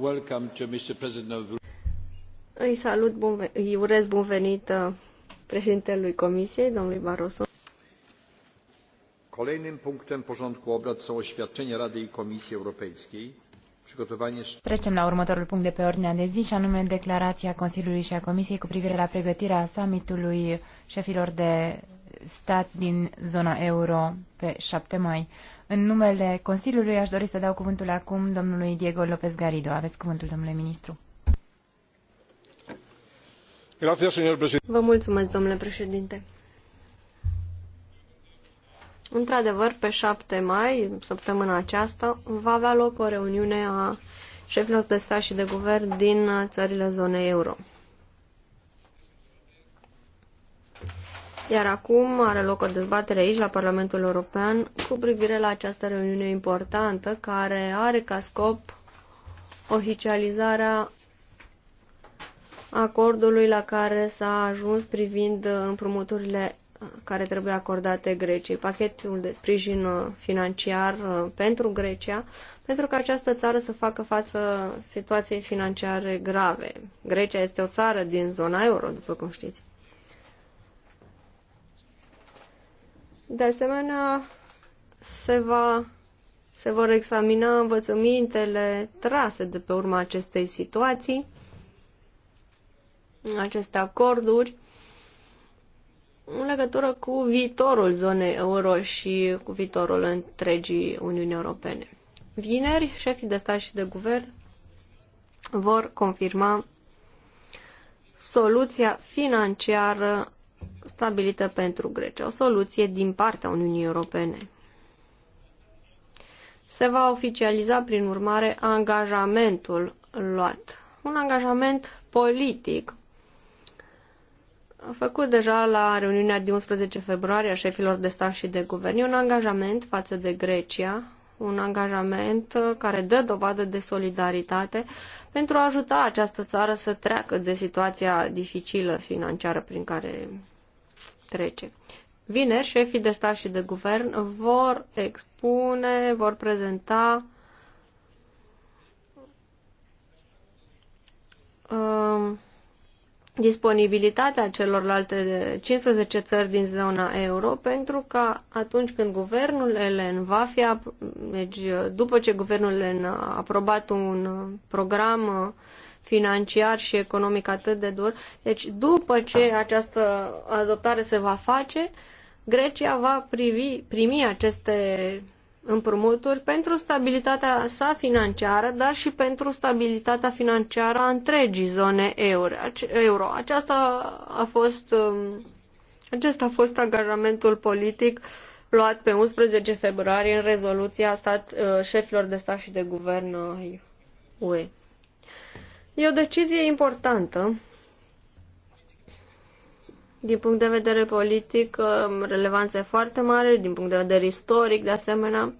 Welcome to Mr. President of... Îi salut, bun, îi urez bun venit uh, președintelui Comisiei, domnului Barroso. Kolejnym punctem porządku obrad są oświadczenia Rady i Komisji Europejskiej Trecem la următorul punct de pe ordinea de zi, și anume declarația Consiliului și a Comisiei cu privire la pregătirea summitului șefilor de stat din zona euro pe 7 mai. În numele Consiliului aș dori să dau cuvântul acum domnului Diego López Garrido. Aveți cuvântul, domnule ministru. Vă mulțumesc, domnule președinte. Într-adevăr, pe 7 mai, săptămâna aceasta, va avea loc o reuniune a șefilor de stat și de guvern din țările zonei euro. Iar acum are loc o dezbatere aici, la Parlamentul European, cu privire la această reuniune importantă, care are ca scop oficializarea acordului la care s-a ajuns privind împrumuturile care trebuie acordate Greciei, pachetul de sprijin financiar pentru Grecia, pentru că această țară să facă față situației financiare grave. Grecia este o țară din zona euro, după cum știți. De asemenea, se, va, se vor examina învățămintele trase de pe urma acestei situații, aceste acorduri, în legătură cu viitorul zonei euro și cu viitorul întregii Uniuni Europene. Vineri, șefii de stat și de guvern vor confirma soluția financiară stabilită pentru Grecia, o soluție din partea Uniunii Europene. Se va oficializa, prin urmare, angajamentul luat. Un angajament politic a făcut deja la reuniunea din 11 februarie a șefilor de stat și de guvern. E un angajament față de Grecia, un angajament care dă dovadă de solidaritate pentru a ajuta această țară să treacă de situația dificilă financiară prin care trece. Vineri, șefii de stat și de guvern vor expune, vor prezenta um, disponibilitatea celorlalte 15 țări din zona euro pentru că atunci când guvernul elen va fi, deci după ce guvernul elen a aprobat un program uh, financiar și economic atât de dur. Deci, după ce această adoptare se va face, Grecia va privi, primi aceste împrumuturi pentru stabilitatea sa financiară, dar și pentru stabilitatea financiară a întregii zone euro. Aceasta a fost, um, acesta a fost angajamentul politic luat pe 11 februarie în rezoluția stat, uh, șefilor de stat și de guvern UE. E o decizie importantă din punct de vedere politic, uh, relevanță foarte mare, din punct de vedere istoric, de asemenea,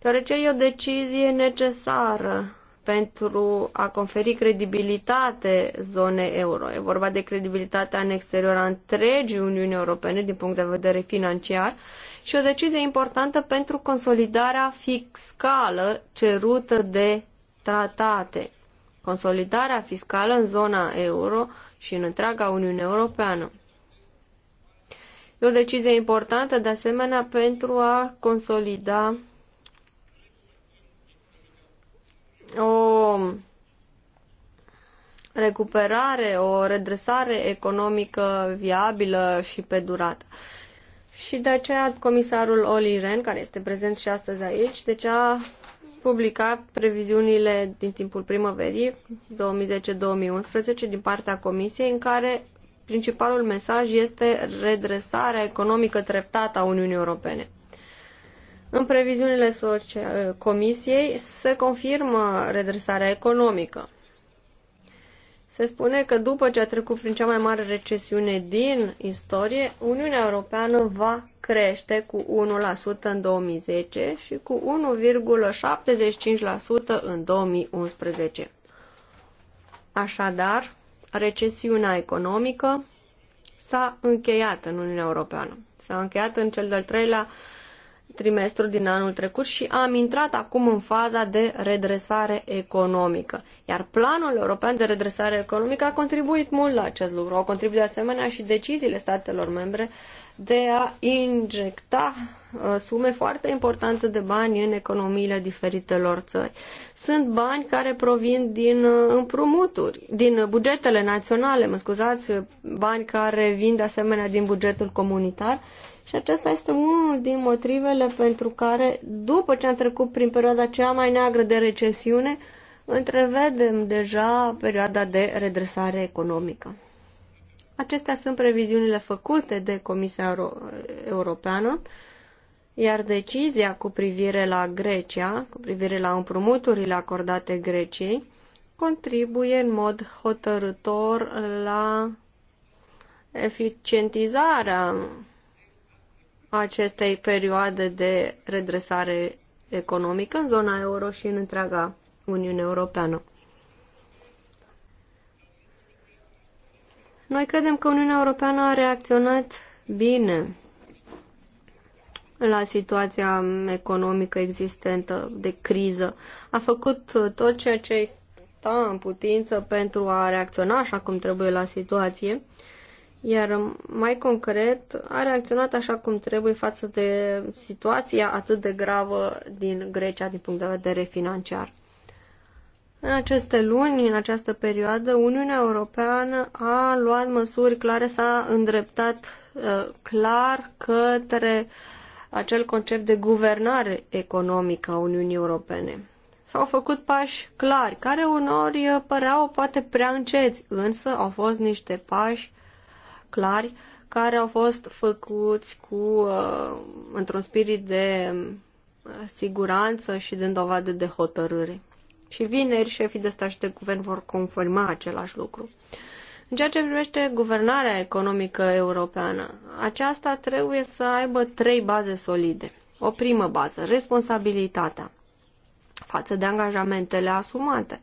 deoarece e o decizie necesară pentru a conferi credibilitate zonei euro. E vorba de credibilitatea în exterior a întregii Uniuni Europene din punct de vedere financiar și o decizie importantă pentru consolidarea fiscală cerută de tratate consolidarea fiscală în zona euro și în întreaga Uniune Europeană. E o decizie importantă, de asemenea, pentru a consolida o recuperare, o redresare economică viabilă și pe durată. Și de aceea comisarul Oli Ren, care este prezent și astăzi aici, deci a publica previziunile din timpul primăverii 2010-2011 din partea Comisiei, în care principalul mesaj este redresarea economică treptată a Uniunii Europene. În previziunile Comisiei se confirmă redresarea economică. Se spune că după ce a trecut prin cea mai mare recesiune din istorie, Uniunea Europeană va crește cu 1% în 2010 și cu 1,75% în 2011. Așadar, recesiunea economică s-a încheiat în Uniunea Europeană. S-a încheiat în cel de-al treilea trimestru din anul trecut și am intrat acum în faza de redresare economică. Iar planul european de redresare economică a contribuit mult la acest lucru. Au contribuit de asemenea și deciziile statelor membre de a injecta uh, sume foarte importante de bani în economiile diferitelor țări. Sunt bani care provin din uh, împrumuturi, din bugetele naționale, mă scuzați, bani care vin de asemenea din bugetul comunitar și acesta este unul din motivele pentru care, după ce am trecut prin perioada cea mai neagră de recesiune, întrevedem deja perioada de redresare economică. Acestea sunt previziunile făcute de Comisia Euro- Europeană, iar decizia cu privire la Grecia, cu privire la împrumuturile acordate Greciei, contribuie în mod hotărător la eficientizarea acestei perioade de redresare economică în zona euro și în întreaga Uniune Europeană. Noi credem că Uniunea Europeană a reacționat bine la situația economică existentă de criză. A făcut tot ceea ce sta în putință pentru a reacționa așa cum trebuie la situație iar mai concret a reacționat așa cum trebuie față de situația atât de gravă din Grecia din punct de vedere financiar. În aceste luni, în această perioadă, Uniunea Europeană a luat măsuri clare, s-a îndreptat uh, clar către acel concept de guvernare economică a Uniunii Europene. S-au făcut pași clari, care unori uh, păreau poate prea înceți, însă au fost niște pași clari care au fost făcuți cu uh, într-un spirit de uh, siguranță și de dovadă de hotărâre. Și vineri șefii de stat și de guvern vor confirma același lucru. În ceea ce privește guvernarea economică europeană, aceasta trebuie să aibă trei baze solide. O primă bază, responsabilitatea față de angajamentele asumate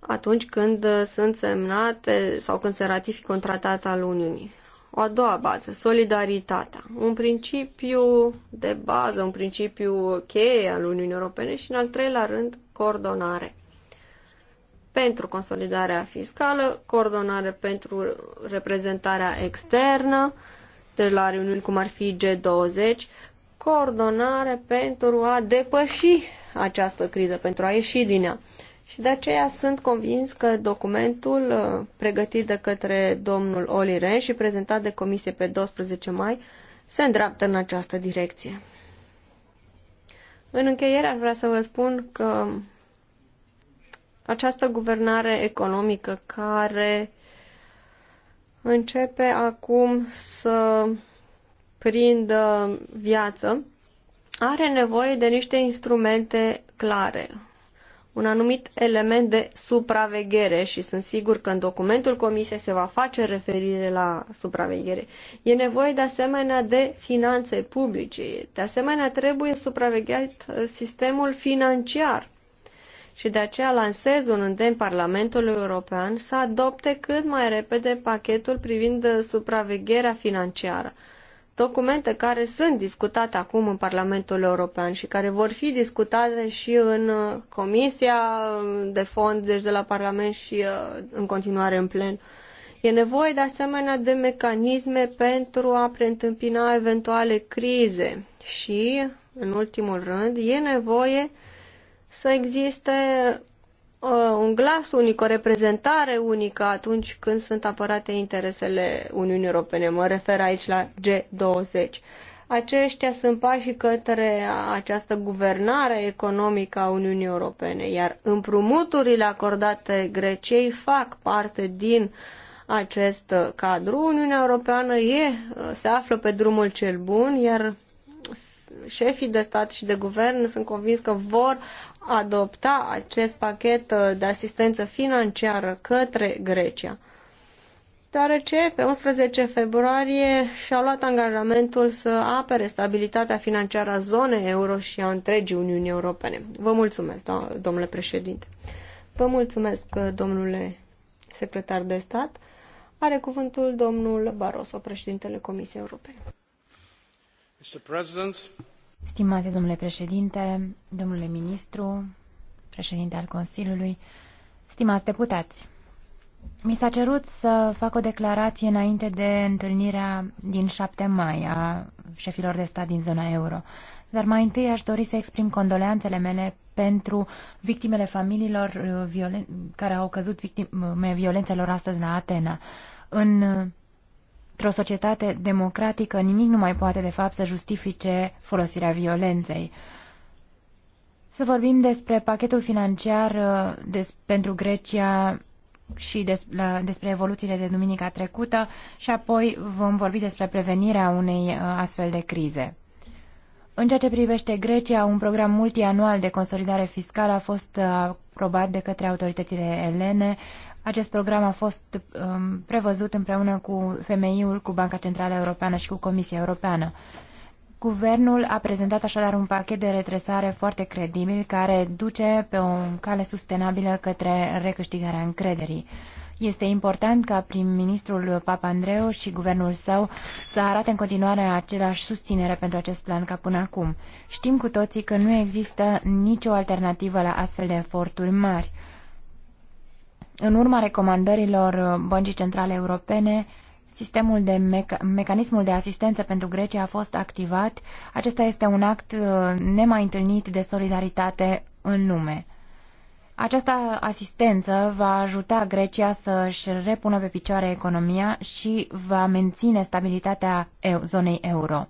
atunci când uh, sunt semnate sau când se ratifică un tratat al Uniunii. O a doua bază, solidaritatea. Un principiu de bază, un principiu cheie al Uniunii Europene și, în al treilea rând, coordonare. Pentru consolidarea fiscală, coordonare pentru reprezentarea externă, de la reuniuni cum ar fi G20, coordonare pentru a depăși această criză, pentru a ieși din ea. Și de aceea sunt convins că documentul uh, pregătit de către domnul Oli Ren și prezentat de comisie pe 12 mai se îndreaptă în această direcție. În încheiere aș vrea să vă spun că această guvernare economică care începe acum să prindă viață are nevoie de niște instrumente clare, un anumit element de supraveghere și sunt sigur că în documentul comisiei se va face referire la supraveghere. E nevoie de asemenea de finanțe publice, de asemenea trebuie supravegheat uh, sistemul financiar și de aceea lansez un îndemn Parlamentului European să adopte cât mai repede pachetul privind uh, supravegherea financiară documente care sunt discutate acum în Parlamentul European și care vor fi discutate și în uh, Comisia um, de Fond, deci de la Parlament și uh, în continuare în plen. E nevoie de asemenea de mecanisme pentru a preîntâmpina eventuale crize și, în ultimul rând, e nevoie să existe Uh, un glas unic, o reprezentare unică atunci când sunt apărate interesele Uniunii Europene. Mă refer aici la G20. Aceștia sunt pașii către această guvernare economică a Uniunii Europene, iar împrumuturile acordate Greciei fac parte din acest cadru. Uniunea Europeană e, se află pe drumul cel bun, iar șefii de stat și de guvern sunt convins că vor adopta acest pachet uh, de asistență financiară către Grecia deoarece pe 11 februarie și-a luat angajamentul să apere stabilitatea financiară a zonei euro și a întregii Uniunii Europene. Vă mulțumesc, do domnule președinte. Vă mulțumesc, uh, domnule secretar de stat. Are cuvântul domnul Barroso, președintele Comisiei Europene. Mr. President, Stimate domnule președinte, domnule ministru, președinte al Consiliului, stimați deputați, mi s-a cerut să fac o declarație înainte de întâlnirea din 7 mai a șefilor de stat din zona euro. Dar mai întâi aș dori să exprim condoleanțele mele pentru victimele familiilor uh, care au căzut victime uh, violențelor astăzi la Atena. În uh, Într-o societate democratică nimic nu mai poate de fapt să justifice folosirea violenței. Să vorbim despre pachetul financiar uh, des, pentru Grecia și des, la, despre evoluțiile de duminica trecută și apoi vom vorbi despre prevenirea unei uh, astfel de crize. În ceea ce privește Grecia, un program multianual de consolidare fiscală a fost uh, aprobat de către autoritățile elene acest program a fost um, prevăzut împreună cu FMI-ul, cu Banca Centrală Europeană și cu Comisia Europeană. Guvernul a prezentat așadar un pachet de retresare foarte credibil care duce pe o cale sustenabilă către recâștigarea încrederii. Este important ca prim-ministrul Papandreou și guvernul său să arate în continuare același susținere pentru acest plan ca până acum. Știm cu toții că nu există nicio alternativă la astfel de eforturi mari. În urma recomandărilor Băncii Centrale Europene, sistemul de meca- mecanismul de asistență pentru Grecia a fost activat. Acesta este un act uh, nemai întâlnit de solidaritate în lume. Această asistență va ajuta Grecia să-și repună pe picioare economia și va menține stabilitatea zonei euro.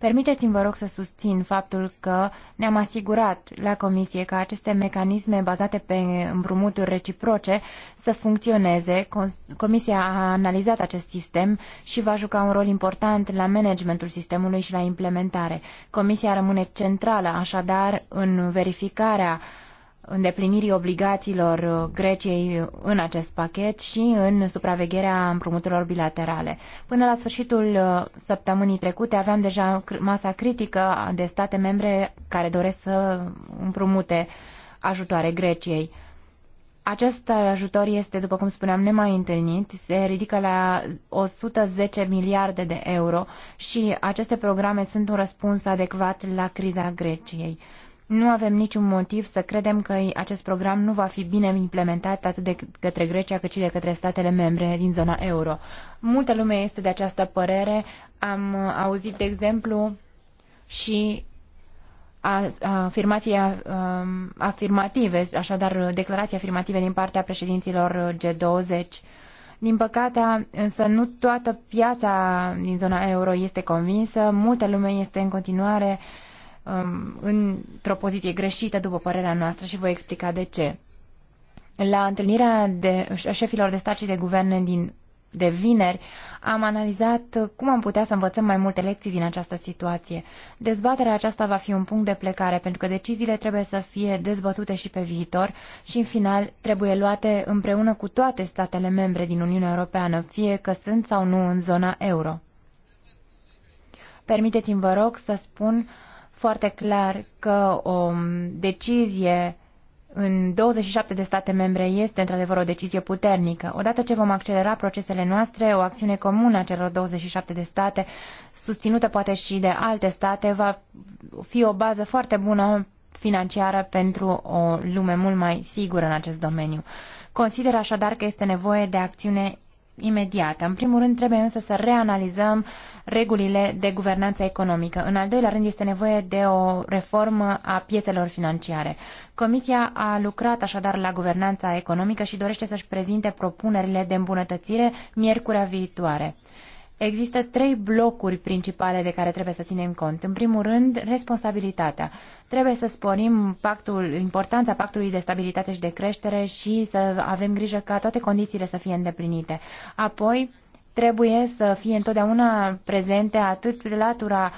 Permiteți-mi, vă rog, să susțin faptul că ne-am asigurat la Comisie că aceste mecanisme bazate pe împrumuturi reciproce să funcționeze. Comisia a analizat acest sistem și va juca un rol important la managementul sistemului și la implementare. Comisia rămâne centrală, așadar, în verificarea uh, îndeplinirii obligațiilor uh, Greciei în acest pachet și în supravegherea împrumuturilor bilaterale. Până la sfârșitul uh, săptămânii trecute aveam deja masa critică de state membre care doresc să împrumute ajutoare Greciei. Acest ajutor este, după cum spuneam, nemai întâlnit, se ridică la 110 miliarde de euro și aceste programe sunt un răspuns adecvat la criza Greciei. Nu avem niciun motiv să credem că acest program nu va fi bine implementat atât de către Grecia cât și de către statele membre din zona euro. Multă lume este de această părere. Am auzit, de exemplu, și afirmații um, afirmative, așadar declarații afirmative din partea președinților G20. Din păcate, însă nu toată piața din zona euro este convinsă, multă lume este în continuare uh, um, într-o poziție greșită, după părerea noastră, și voi explica de ce. La întâlnirea de, șefilor de stat și de guverne din, de vineri, am analizat cum am putea să învățăm mai multe lecții din această situație. Dezbaterea aceasta va fi un punct de plecare, pentru că deciziile trebuie să fie dezbătute și pe viitor și, în final, trebuie luate împreună cu toate statele membre din Uniunea Europeană, fie că sunt sau nu în zona euro. Permiteți-mi, vă rog, să spun uh, foarte clar că o decizie în 27 de state membre este într-adevăr o decizie puternică. Odată ce vom accelera procesele noastre, o acțiune comună a celor 27 de state, susținută poate și de alte state, va fi o bază foarte bună financiară pentru o lume mult mai sigură în acest domeniu. Consider așadar că este nevoie de acțiune imediată. În primul rând, trebuie însă să reanalizăm regulile de guvernanță economică. În al doilea rând, este nevoie de o reformă a piețelor financiare. Comisia a lucrat așadar la guvernanța economică și dorește să-și prezinte propunerile de îmbunătățire miercurea viitoare. Există trei blocuri principale de care trebuie să ținem cont. În primul rând, responsabilitatea. Trebuie să sporim pactul, importanța pactului de stabilitate și de creștere și să avem grijă ca toate condițiile să fie îndeplinite. Apoi, trebuie să fie întotdeauna prezente atât latura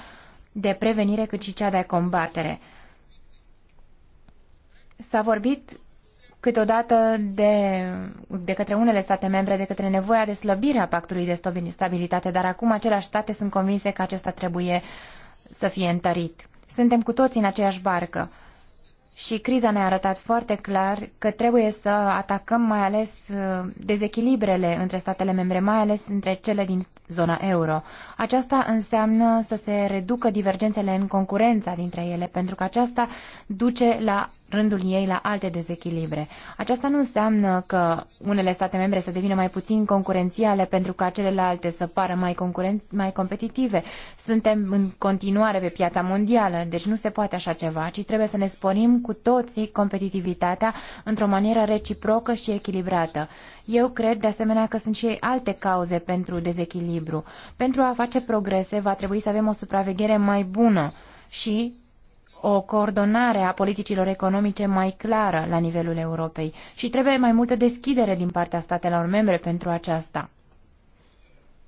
de prevenire cât și cea de combatere. S-a vorbit câteodată de, de către unele state membre, de către nevoia de slăbire a pactului de stabilitate, dar acum aceleași state sunt convinse că acesta trebuie să fie întărit. Suntem cu toții în aceeași barcă și criza ne-a arătat foarte clar că trebuie să atacăm mai ales uh, dezechilibrele între statele membre, mai ales între cele din zona euro. Aceasta înseamnă să se reducă divergențele în concurența dintre ele, pentru că aceasta duce la rândul ei la alte dezechilibre. Aceasta nu înseamnă că unele state membre să devină mai puțin concurențiale pentru ca celelalte să pară mai, concurenț- mai competitive. Suntem în continuare pe piața mondială, deci nu se poate așa ceva, ci trebuie să ne sporim cu toții competitivitatea într-o manieră reciprocă și echilibrată. Eu cred de asemenea că sunt și alte cauze pentru dezechilibru. Pentru a face progrese va trebui să avem o supraveghere mai bună și o coordonare a politicilor economice mai clară la nivelul Europei și trebuie mai multă deschidere din partea statelor membre pentru aceasta.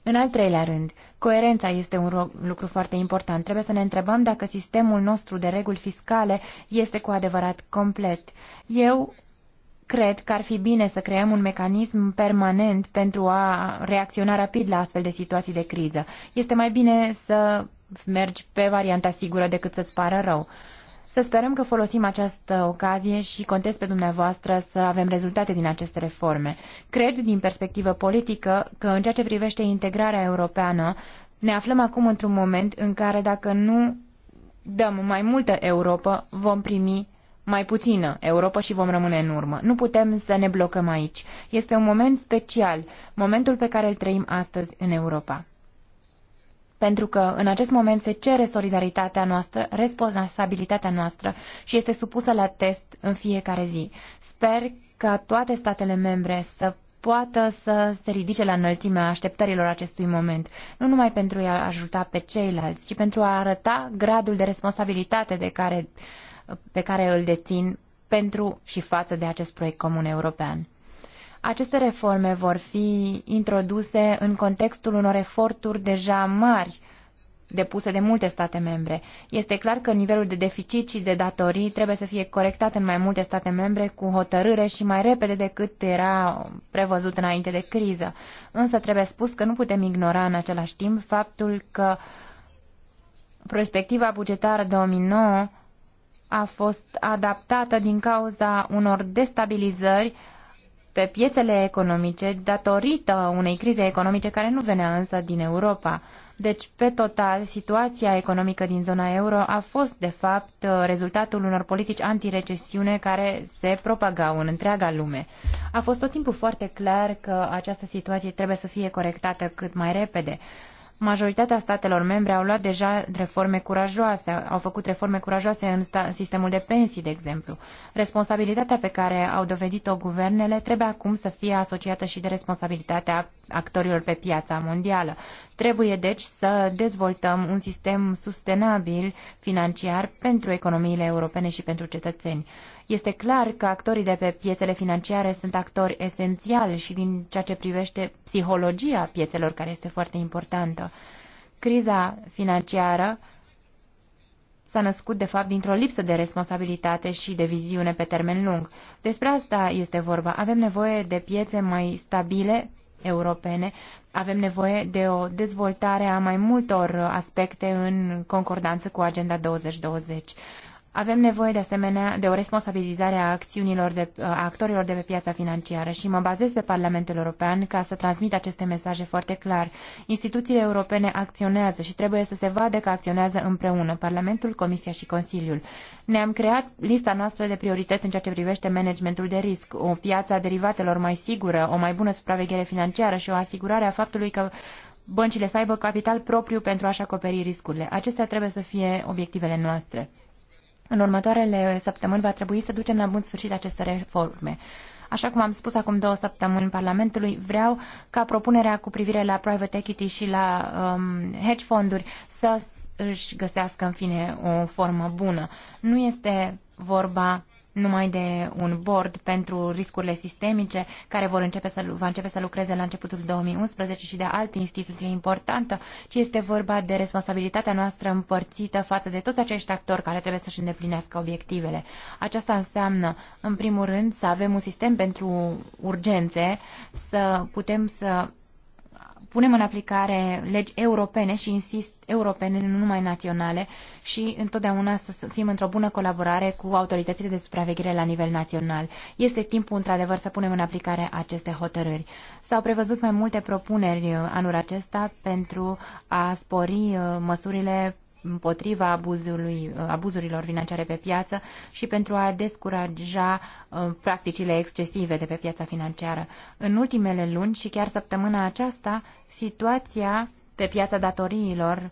În al treilea rând, coerența este un lucru foarte important. Trebuie să ne întrebăm dacă sistemul nostru de reguli fiscale este cu adevărat complet. Eu cred că ar fi bine să creăm un mecanism permanent pentru a reacționa rapid la astfel de situații de criză. Este mai bine să mergi pe varianta sigură decât să-ți pară rău. Să sperăm că folosim această ocazie și contez pe dumneavoastră să avem rezultate din aceste reforme. Cred, din perspectivă politică, că în ceea ce privește integrarea europeană, ne aflăm acum într-un moment în care dacă nu dăm mai multă Europa, vom primi mai puțină Europa și vom rămâne în urmă. Nu putem să ne blocăm aici. Este un moment special, momentul pe care îl trăim astăzi în Europa pentru că în acest moment se cere solidaritatea noastră, responsabilitatea noastră și este supusă la test în fiecare zi. Sper ca toate statele membre să poată să se ridice la înălțimea așteptărilor acestui moment, nu numai pentru a ajuta pe ceilalți, ci pentru a arăta gradul de responsabilitate de care, pe care îl dețin pentru și față de acest proiect comun european. Aceste reforme vor fi introduse în contextul unor eforturi deja mari depuse de multe state membre. Este clar că nivelul de deficit și de datorii trebuie să fie corectat în mai multe state membre cu hotărâre și mai repede decât era prevăzut înainte de criză. Însă trebuie spus că nu putem ignora în același timp faptul că perspectiva bugetară 2009 a fost adaptată din cauza unor destabilizări pe piețele economice datorită unei crize economice care nu venea însă din Europa. Deci, pe total, situația economică din zona euro a fost, de fapt, rezultatul unor politici antirecesiune care se propagau în întreaga lume. A fost tot timpul foarte clar că această situație trebuie să fie corectată cât mai repede. Majoritatea statelor membre au luat deja reforme curajoase, au făcut reforme curajoase în sistemul de pensii, de exemplu. Responsabilitatea pe care au dovedit-o guvernele trebuie acum să fie asociată și de responsabilitatea actorilor pe piața mondială. Trebuie, deci, să dezvoltăm un sistem sustenabil financiar pentru economiile europene și pentru cetățeni. Este clar că actorii de pe piețele financiare sunt actori esențiali și din ceea ce privește psihologia piețelor, care este foarte importantă. Criza financiară s-a născut, de fapt, dintr-o lipsă de responsabilitate și de viziune pe termen lung. Despre asta este vorba. Avem nevoie de piețe mai stabile, europene, avem nevoie de o dezvoltare a mai multor aspecte în concordanță cu Agenda 2020. Avem nevoie de asemenea de o responsabilizare a acțiunilor de, a actorilor de pe piața financiară și mă bazez pe Parlamentul European ca să transmit aceste mesaje foarte clar. Instituțiile europene acționează și trebuie să se vadă că acționează împreună Parlamentul, Comisia și Consiliul. Ne-am creat lista noastră de priorități în ceea ce privește managementul de risc, o piață a derivatelor mai sigură, o mai bună supraveghere financiară și o asigurare a faptului că băncile să aibă capital propriu pentru a-și acoperi riscurile. Acestea trebuie să fie obiectivele noastre. În următoarele săptămâni va trebui să ducem la bun sfârșit aceste reforme. Așa cum am spus acum două săptămâni Parlamentului, vreau ca propunerea cu privire la private equity și la um, hedge fonduri să își găsească în fine o formă bună. Nu este vorba numai de un board pentru riscurile sistemice care vor începe să, va începe să lucreze la începutul 2011 și de alte instituții importantă, ci este vorba de responsabilitatea noastră împărțită față de toți acești actori care trebuie să-și îndeplinească obiectivele. Aceasta înseamnă, în primul rând, să avem un sistem pentru urgențe, să putem să punem în aplicare legi europene și insist europene, nu numai naționale și întotdeauna să fim într-o bună colaborare cu autoritățile de supraveghere la nivel național. Este timpul într-adevăr să punem în aplicare aceste hotărâri. S-au prevăzut mai multe propuneri uh, anul acesta pentru a spori uh, măsurile împotriva abuzului, abuzurilor financiare pe piață și pentru a descuraja uh, practicile excesive de pe piața financiară. În ultimele luni și chiar săptămâna aceasta, situația pe piața datoriilor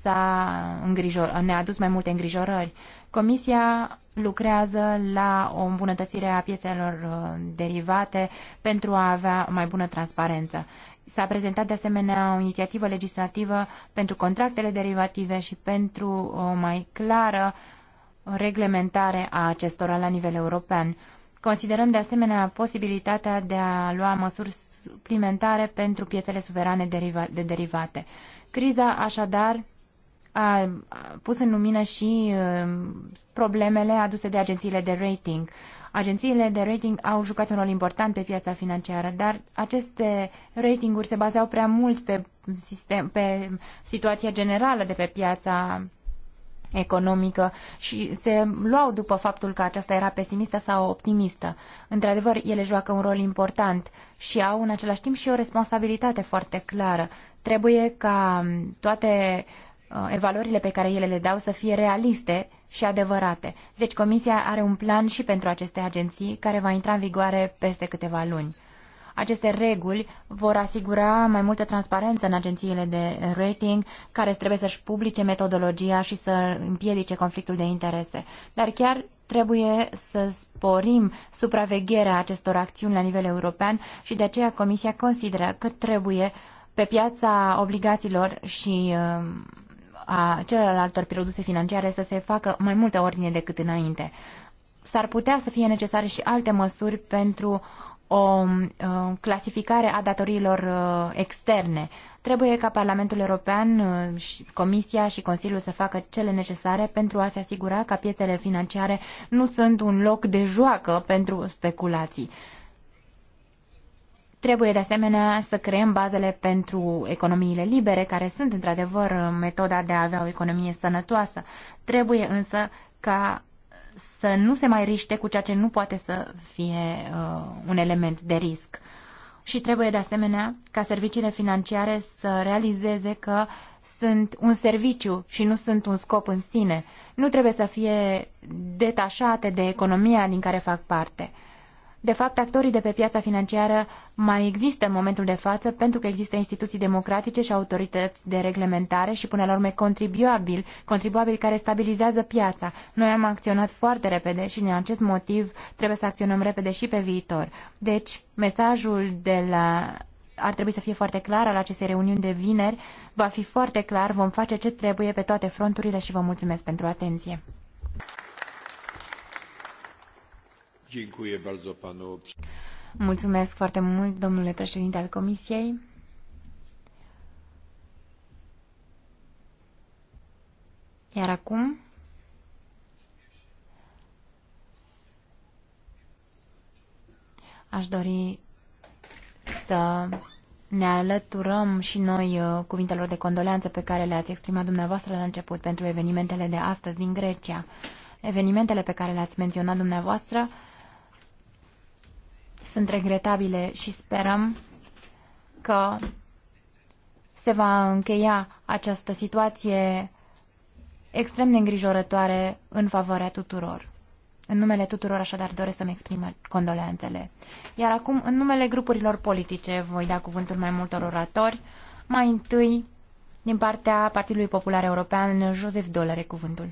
s-a îngrijor, ne-a adus mai multe îngrijorări. Comisia lucrează la o îmbunătățire a piețelor uh, derivate pentru a avea mai bună transparență. S-a prezentat de asemenea o inițiativă legislativă pentru contractele derivative și pentru o mai clară reglementare a acestora la nivel european. Considerăm de asemenea posibilitatea de a lua măsuri suplimentare pentru piețele suverane de derivate. Criza, așadar, a pus în lumină și uh, problemele aduse de agențiile de rating. Agențiile de rating au jucat un rol important pe piața financiară, dar aceste ratinguri se bazau prea mult pe, sistem, pe situația generală de pe piața economică și se luau după faptul că aceasta era pesimistă sau optimistă. Într-adevăr, ele joacă un rol important și au în același timp și o responsabilitate foarte clară. Trebuie ca toate uh, Uh, evaluările pe care ele le dau să fie realiste și adevărate. Deci Comisia are un plan și pentru aceste agenții care va intra în vigoare peste câteva luni. Aceste reguli vor asigura mai multă transparență în agențiile de rating care trebuie să-și publice metodologia și să împiedice conflictul de interese. Dar chiar trebuie să sporim supravegherea acestor acțiuni la nivel european și de aceea Comisia consideră că trebuie pe piața obligațiilor și uh, a celorlaltor produse financiare să se facă mai multe ordine decât înainte. S-ar putea să fie necesare și alte măsuri pentru o clasificare a datoriilor uh, externe. Trebuie ca Parlamentul European, uh, Comisia și Consiliul să facă cele necesare pentru a se asigura că piețele financiare nu sunt un loc de joacă pentru speculații. Trebuie de asemenea să creăm bazele pentru economiile libere, care sunt într-adevăr metoda de a avea o economie sănătoasă. Trebuie însă ca să nu se mai riște cu ceea ce nu poate să fie uh, un element de risc. Și trebuie de asemenea ca serviciile financiare să realizeze că sunt un serviciu și nu sunt un scop în sine. Nu trebuie să fie detașate de economia din care fac parte. De fapt, actorii de pe piața financiară mai există în momentul de față pentru că există instituții democratice și autorități de reglementare și până la urmă contribuabil, contribuabil care stabilizează piața. Noi am acționat foarte repede și din acest motiv trebuie să acționăm repede și pe viitor. Deci, mesajul de la ar trebui să fie foarte clar al acestei reuniuni de vineri, va fi foarte clar, vom face ce trebuie pe toate fronturile și vă mulțumesc pentru atenție. Mulțumesc foarte mult, domnule președinte al Comisiei. Iar acum aș dori să ne alăturăm și noi uh, cuvintelor de condoleanță pe care le-ați exprimat dumneavoastră la început pentru evenimentele de astăzi din Grecia. Evenimentele pe care le-ați menționat dumneavoastră sunt regretabile și sperăm că se va încheia această situație extrem de îngrijorătoare în favoarea tuturor. În numele tuturor, așadar, doresc să-mi exprim condoleanțele. Iar acum, în numele grupurilor politice, voi da cuvântul mai multor oratori. Mai întâi, din partea Partidului Popular European, Joseph Dolare, cuvântul.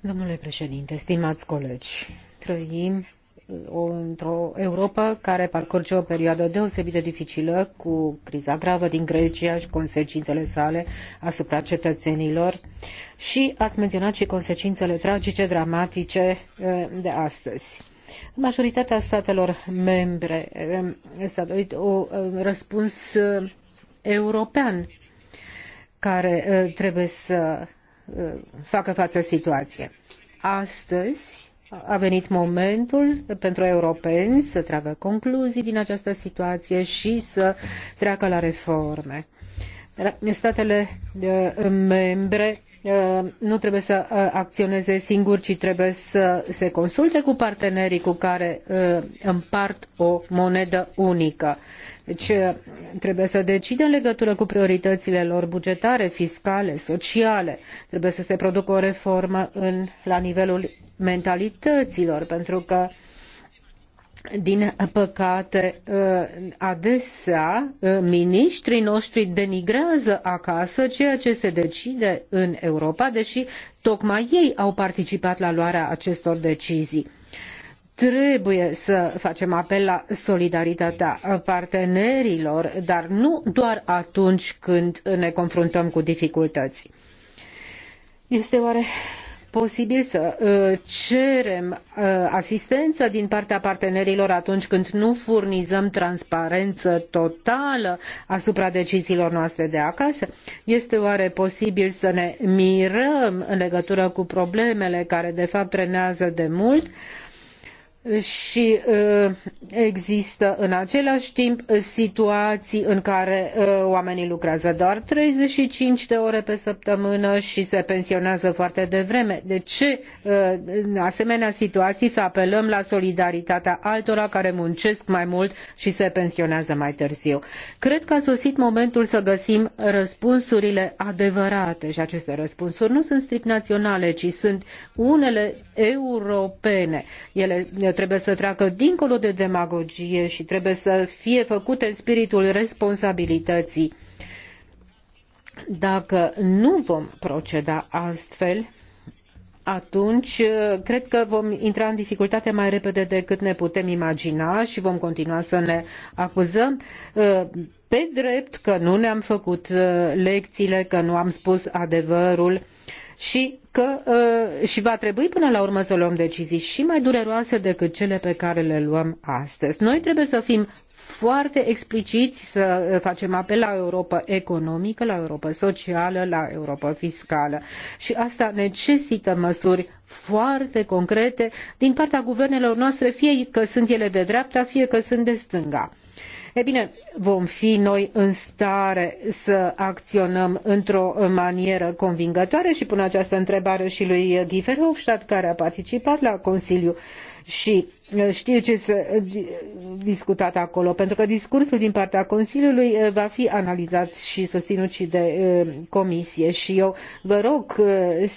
Domnule președinte, stimați colegi, trăim într-o Europa care parcurge o perioadă deosebit de dificilă cu criza gravă din Grecia și consecințele sale asupra cetățenilor și ați menționat și consecințele tragice, dramatice de astăzi. Majoritatea statelor membre s-a dorit un răspuns european care trebuie să facă față situației. Astăzi, a venit momentul pentru europeni să tragă concluzii din această situație și să treacă la reforme. Statele uh, membre uh, nu trebuie să uh, acționeze singur, ci trebuie să se consulte cu partenerii cu care împart o monedă unică. Deci trebuie să decidă în legătură cu prioritățile lor bugetare, fiscale, sociale. Trebuie să se producă o reformă în, la nivelul mentalităților, pentru că din păcate, ă, adesea ă, miniștrii noștri denigrează acasă ceea ce se decide în Europa, deși tocmai ei au participat la luarea acestor decizii. Trebuie să facem apel la solidaritatea partenerilor, dar nu doar atunci când ne confruntăm cu dificultăți. Este oare posibil să uh, cerem uh, asistență din partea partenerilor atunci când nu furnizăm transparență totală asupra deciziilor noastre de acasă? Este oare posibil să ne mirăm în legătură cu problemele care de fapt trenează de mult? Uh, și uh, există în același timp situații în care uh, oamenii lucrează doar 35 de ore pe săptămână și se pensionează foarte devreme. De ce în uh, asemenea situaii să apelăm la solidaritatea altora care muncesc mai mult și se pensionează mai târziu? Cred că a sosit momentul să găsim răspunsurile adevărate și aceste răspunsuri nu sunt strict naționale, ci sunt unele europene. Ele trebuie să treacă dincolo de demagogie și trebuie să fie făcute în spiritul responsabilității. Dacă nu vom proceda astfel, atunci uh, cred că vom intra în dificultate mai repede decât ne putem imagina și vom continua să ne acuzăm uh, pe drept că nu ne-am făcut uh, lecțiile, că nu am spus adevărul și că uh, și va trebui până la urmă să luăm decizii și mai dureroase decât cele pe care le luăm astăzi. Noi trebuie să fim foarte expliciți să uh, facem apel la Europa economică, la Europa socială, la Europa fiscală. Și asta necesită măsuri foarte concrete din partea guvernelor noastre, fie că sunt ele de dreapta, fie că sunt de stânga E bine, vom fi noi în stare să acționăm într-o manieră convingătoare și pun această întrebare și lui Guy Verhofstadt, care a participat la Consiliu și tie ce s-a discutat acolo, pentru că discursul din partea Consiliului eh, va fi analizat și susținut și de eh, comisie și eu vă rog, eh,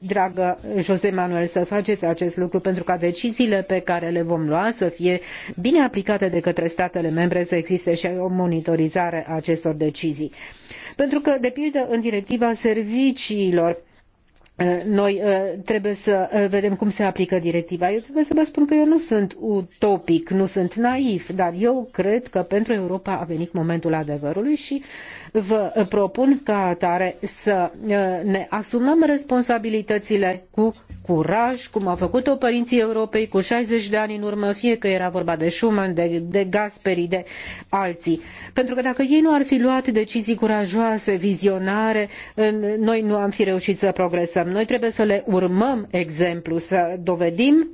dragă Jose Manuel, să faceți acest lucru pentru ca deciziile pe care le vom lua să fie bine aplicate de către statele membre, să existe și o monitorizare a acestor decizii. Pentru că, de pildă, în directiva serviciilor, Eh, noi eh, trebuie să eh, vedem cum se aplică directiva. Eu trebuie să vă spun că eu nu sunt utopic, nu sunt naiv, dar eu cred că pentru Europa a venit momentul adevărului și vă propun ca atare să ne asumăm responsabilitățile cu curaj, cum au făcut-o părinții Europei cu 60 de ani în urmă, fie că era vorba de Schumann, de, de Gasperi, de alții. Pentru că dacă ei nu ar fi luat decizii curajoase, vizionare, noi nu am fi reușit să progresăm. Noi trebuie să le urmăm exemplu, să dovedim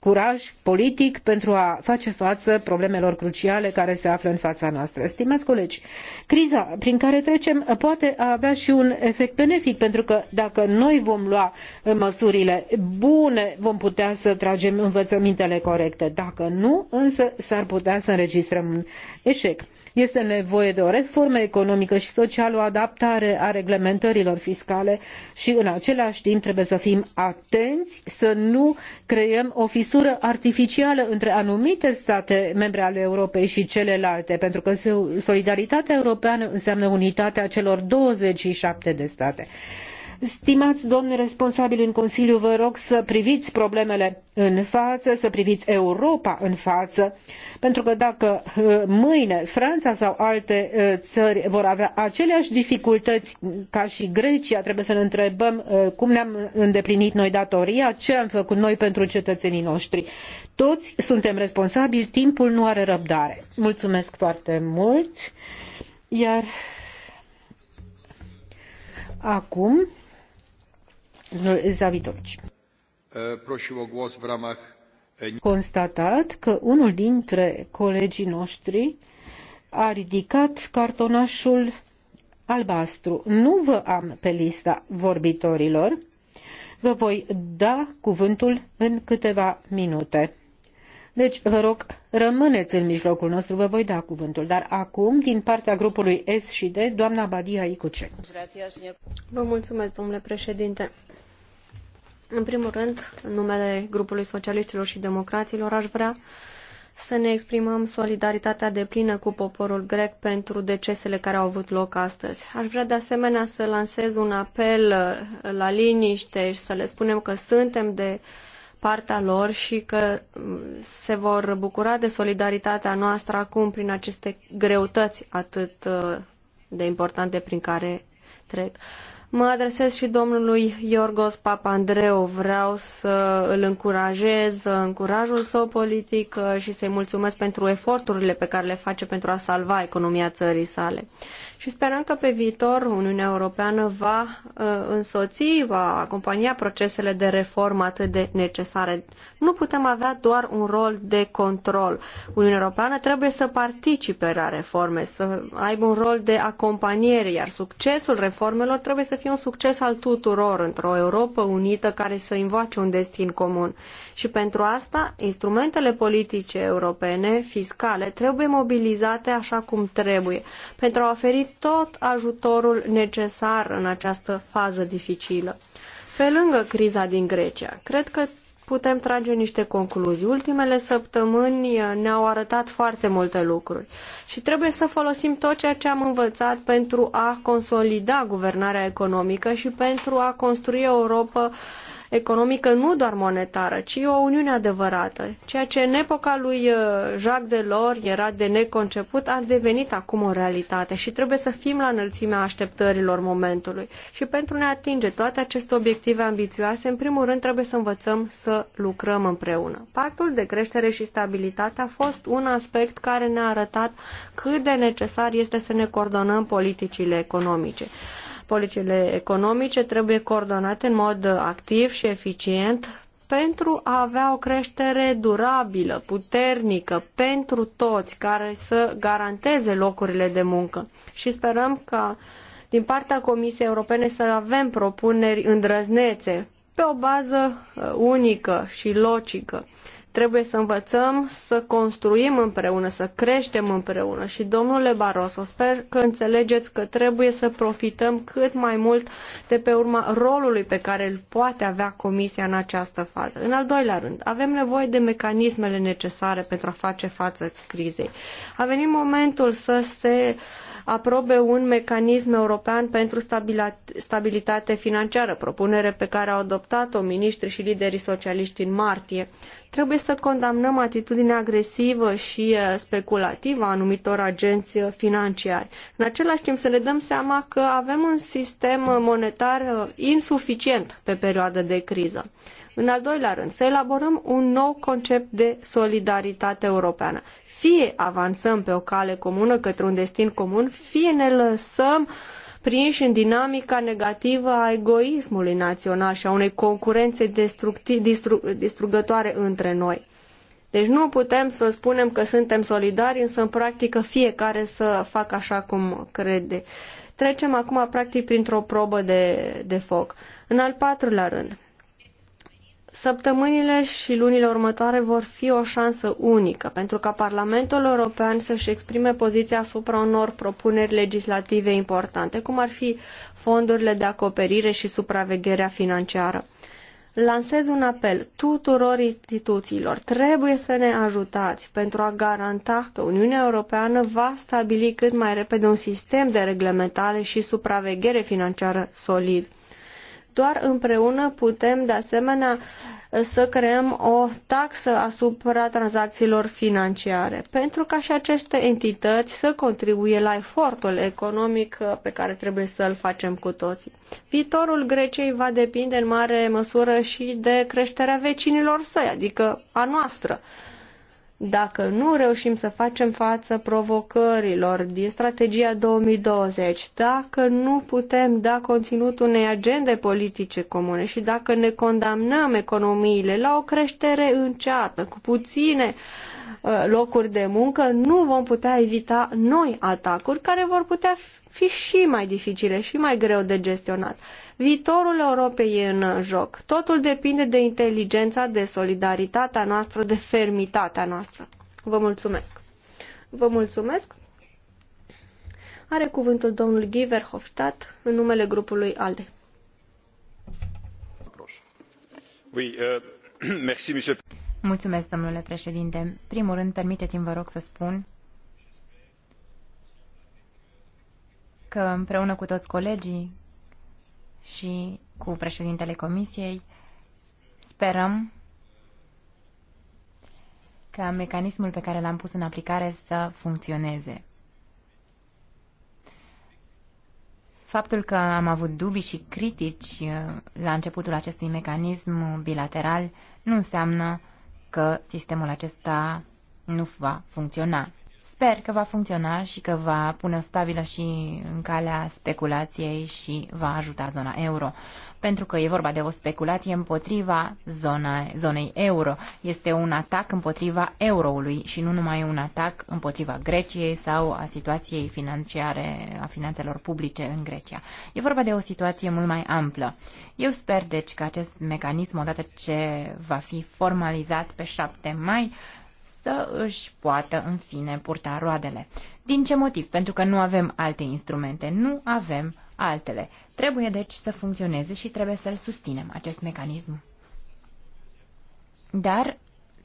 curaj politic pentru a face față problemelor cruciale care se află în fața noastră. Stimați colegi, criza prin care trecem poate avea și un efect benefic, pentru că dacă noi vom lua măsurile bune, vom putea să tragem învățămintele corecte. Dacă nu, însă s-ar putea să înregistrăm un eșec. Este nevoie de o reformă economică și socială, o adaptare a reglementărilor fiscale și în același timp trebuie să fim atenți să nu creăm o fisură artificială între anumite state membre ale Europei și celelalte, pentru că solidaritatea europeană înseamnă unitatea celor 27 de state. Stimați domni responsabili în Consiliu, vă rog să priviți problemele în față, să priviți Europa în față, pentru că dacă uh, mâine Franța sau alte uh, țări vor avea aceleași dificultăți ca și Grecia, trebuie să ne întrebăm uh, cum ne-am îndeplinit noi datoria, ce am făcut noi pentru cetățenii noștri. Toți suntem responsabili, timpul nu are răbdare. Mulțumesc foarte mult, iar acum Zavitovici. Constatat că unul dintre colegii noștri a ridicat cartonașul albastru. Nu vă am pe lista vorbitorilor. Vă voi da cuvântul în câteva minute. Deci, vă rog, rămâneți în mijlocul nostru, vă voi da cuvântul. Dar acum, din partea grupului S și D, doamna Badia Icuce. Vă mulțumesc, domnule președinte. În primul rând, în numele grupului socialiștilor și democraților, aș vrea să ne exprimăm solidaritatea deplină cu poporul grec pentru decesele care au avut loc astăzi. Aș vrea de asemenea să lansez un apel la liniște și să le spunem că suntem de partea lor și că mm, se vor bucura de solidaritatea noastră acum prin aceste greutăți atât uh, de importante prin care trec. Mă adresez și domnului Iorgos Papandreou. Vreau să îl încurajez în curajul său politic uh, și să-i mulțumesc pentru eforturile pe care le face pentru a salva economia țării sale și sperăm că pe viitor Uniunea Europeană va uh, însoți, va acompania procesele de reformă atât de necesare. Nu putem avea doar un rol de control. Uniunea Europeană trebuie să participe la reforme, să aibă un rol de acompaniere, iar succesul reformelor trebuie să fie un succes al tuturor într-o Europa unită care să învoace un destin comun. Și pentru asta, instrumentele politice europene, fiscale, trebuie mobilizate așa cum trebuie, pentru a oferi tot ajutorul necesar în această fază dificilă. Pe lângă criza din Grecia, cred că putem trage niște concluzii. Ultimele săptămâni ne-au arătat foarte multe lucruri și trebuie să folosim tot ceea ce am învățat pentru a consolida guvernarea economică și pentru a construi o Europa uh, economică nu doar monetară, ci o uniune adevărată, ceea ce în epoca lui uh, Jacques Delors era de neconceput, a devenit acum o realitate și trebuie să fim la înălțimea așteptărilor momentului. Și pentru a ne atinge toate aceste obiective ambițioase, în primul rând trebuie să învățăm să lucrăm împreună. Pactul de creștere și stabilitate a fost un aspect care ne-a arătat cât de necesar este să ne coordonăm politicile economice. Politicile economice trebuie coordonate în mod activ și eficient pentru a avea o creștere durabilă, puternică, pentru toți, care să garanteze locurile de muncă. Și sperăm ca din partea Comisiei Europene să avem propuneri îndrăznețe, pe o bază uh, unică și logică Trebuie să învățăm să construim împreună, să creștem împreună. Și, domnule Barroso, sper că înțelegeți că trebuie să profităm cât mai mult de pe urma rolului pe care îl poate avea Comisia în această fază. În al doilea rând, avem nevoie de mecanismele necesare pentru a face față crizei. A venit momentul să se aprobe un mecanism european pentru stabilitate financiară, propunere pe care au adoptat-o miniștri și liderii socialiști în martie. Trebuie să condamnăm atitudinea agresivă și uh, speculativă a anumitor agenți uh, financiari. În același timp să ne dăm seama că avem un sistem uh, monetar insuficient pe perioada de criză. În al doilea rând, să elaborăm un nou concept de solidaritate europeană. Fie avansăm pe o cale comună către un destin comun, fie ne lăsăm uh, prinși în dinamica negativă a egoismului național și a unei concurențe distru, distrugătoare între noi. Deci nu putem să spunem că suntem solidari, însă în practică fiecare să facă așa cum crede. Trecem acum practic printr-o probă de, de foc. În al patrulea rând, Săptămânile și lunile următoare vor fi o șansă unică pentru ca Parlamentul European să-și exprime poziția asupra unor propuneri legislative importante, cum ar fi fondurile de acoperire și supravegherea financiară. Lansez un apel tuturor instituțiilor. Trebuie să ne ajutați pentru a garanta că Uniunea Europeană va stabili cât mai repede un sistem de reglementare și supraveghere financiară solid. Doar împreună putem, de asemenea, să creăm o taxă asupra tranzacțiilor financiare, pentru ca și aceste entități să contribuie la efortul economic pe care trebuie să-l facem cu toții. Viitorul Greciei va depinde în mare măsură și de creșterea vecinilor săi, adică a noastră. Dacă nu reușim să facem față provocărilor din strategia 2020, dacă nu putem da conținut unei agende politice comune și dacă ne condamnăm economiile la o creștere înceată, cu puține uh, locuri de muncă, nu vom putea evita noi atacuri care vor putea fi și mai dificile și mai greu de gestionat. Viitorul Europei e în joc. Totul depinde de inteligența, de solidaritatea noastră, de fermitatea noastră. Vă mulțumesc! Vă mulțumesc! Are cuvântul domnul Guy Verhofstadt în numele grupului ALDE. Oui, uh, merci, monsieur. Mulțumesc, domnule președinte. Primul rând, permiteți-mi, vă rog, să spun că împreună cu toți colegii și cu președintele Comisiei. Sperăm ca mecanismul pe care l-am pus în aplicare să funcționeze. Faptul că am avut dubii și critici uh, la începutul acestui mecanism bilateral nu înseamnă că sistemul acesta nu va funcționa. Sper că va funcționa și că va pune stabilă și în calea speculației și va ajuta zona euro. Pentru că e vorba de o speculație împotriva zona, zonei euro. Este un atac împotriva euroului și nu numai un atac împotriva Greciei sau a situației financiare, a finanțelor publice în Grecia. E vorba de o situație mult mai amplă. Eu sper, deci, că acest mecanism, odată ce va fi formalizat pe 7 mai, să își poată în fine purta roadele. Din ce motiv? Pentru că nu avem alte instrumente, nu avem altele. Trebuie deci să funcționeze și trebuie să-l susținem, acest mecanism. Dar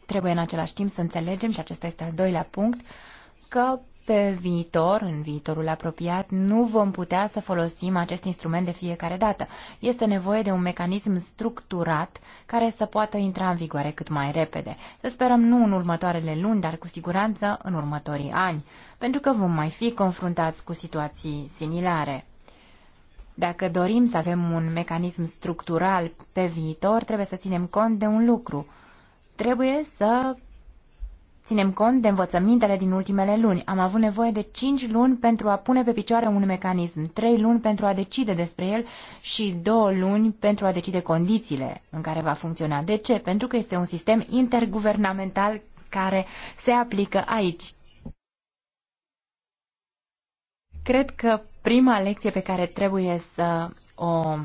trebuie în același timp să înțelegem, și acesta este al doilea punct, că pe viitor, în viitorul apropiat, nu vom putea să folosim acest instrument de fiecare dată. Este nevoie de un mecanism structurat care să poată intra în vigoare cât mai repede. Să sperăm nu în următoarele luni, dar cu siguranță în următorii ani, pentru că vom mai fi confruntați cu situații similare. Dacă dorim să avem un mecanism structural pe viitor, trebuie să ținem cont de un lucru. Trebuie să ținem cont de învățămintele din ultimele luni. Am avut nevoie de 5 luni pentru a pune pe picioare un mecanism, 3 luni pentru a decide despre el și 2 luni pentru a decide condițiile în care va funcționa. De ce? Pentru că este un sistem interguvernamental care se aplică aici. Cred că prima lecție pe care trebuie să o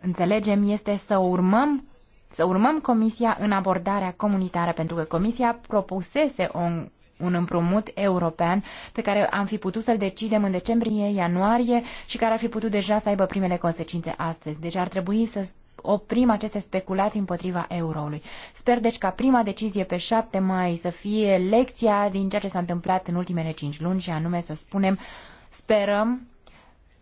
înțelegem este să urmăm să urmăm Comisia în abordarea comunitară, pentru că Comisia propusese un un împrumut european pe care am fi putut să-l decidem în decembrie, ianuarie și care ar fi putut deja să aibă primele consecințe astăzi. Deci ar trebui să oprim aceste speculații împotriva euroului. Sper deci ca prima decizie pe 7 mai să fie lecția din ceea ce s-a întâmplat în ultimele 5 luni și anume să spunem sperăm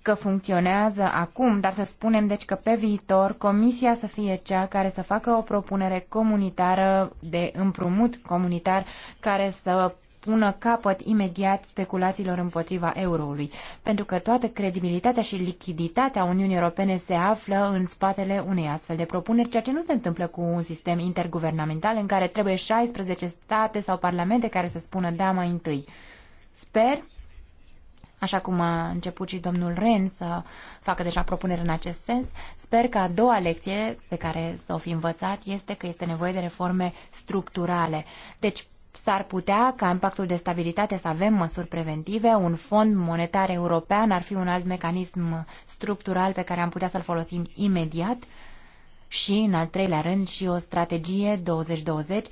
că funcționează acum, dar să spunem deci că pe viitor comisia să fie cea care să facă o propunere comunitară de împrumut comunitar care să pună capăt imediat speculațiilor împotriva euroului, pentru că toată credibilitatea și lichiditatea Uniunii Europene se află în spatele unei astfel de propuneri, ceea ce nu se întâmplă cu un sistem interguvernamental în care trebuie 16 state sau parlamente care să spună da mai întâi. Sper așa cum a început și domnul Ren să facă deja propuneri în acest sens, sper că a doua lecție pe care să o fi învățat este că este nevoie de reforme structurale. Deci, S-ar putea ca în pactul de stabilitate să avem măsuri preventive, un fond monetar european ar fi un alt mecanism structural pe care am putea să-l folosim imediat și, în al treilea rând, și o strategie 2020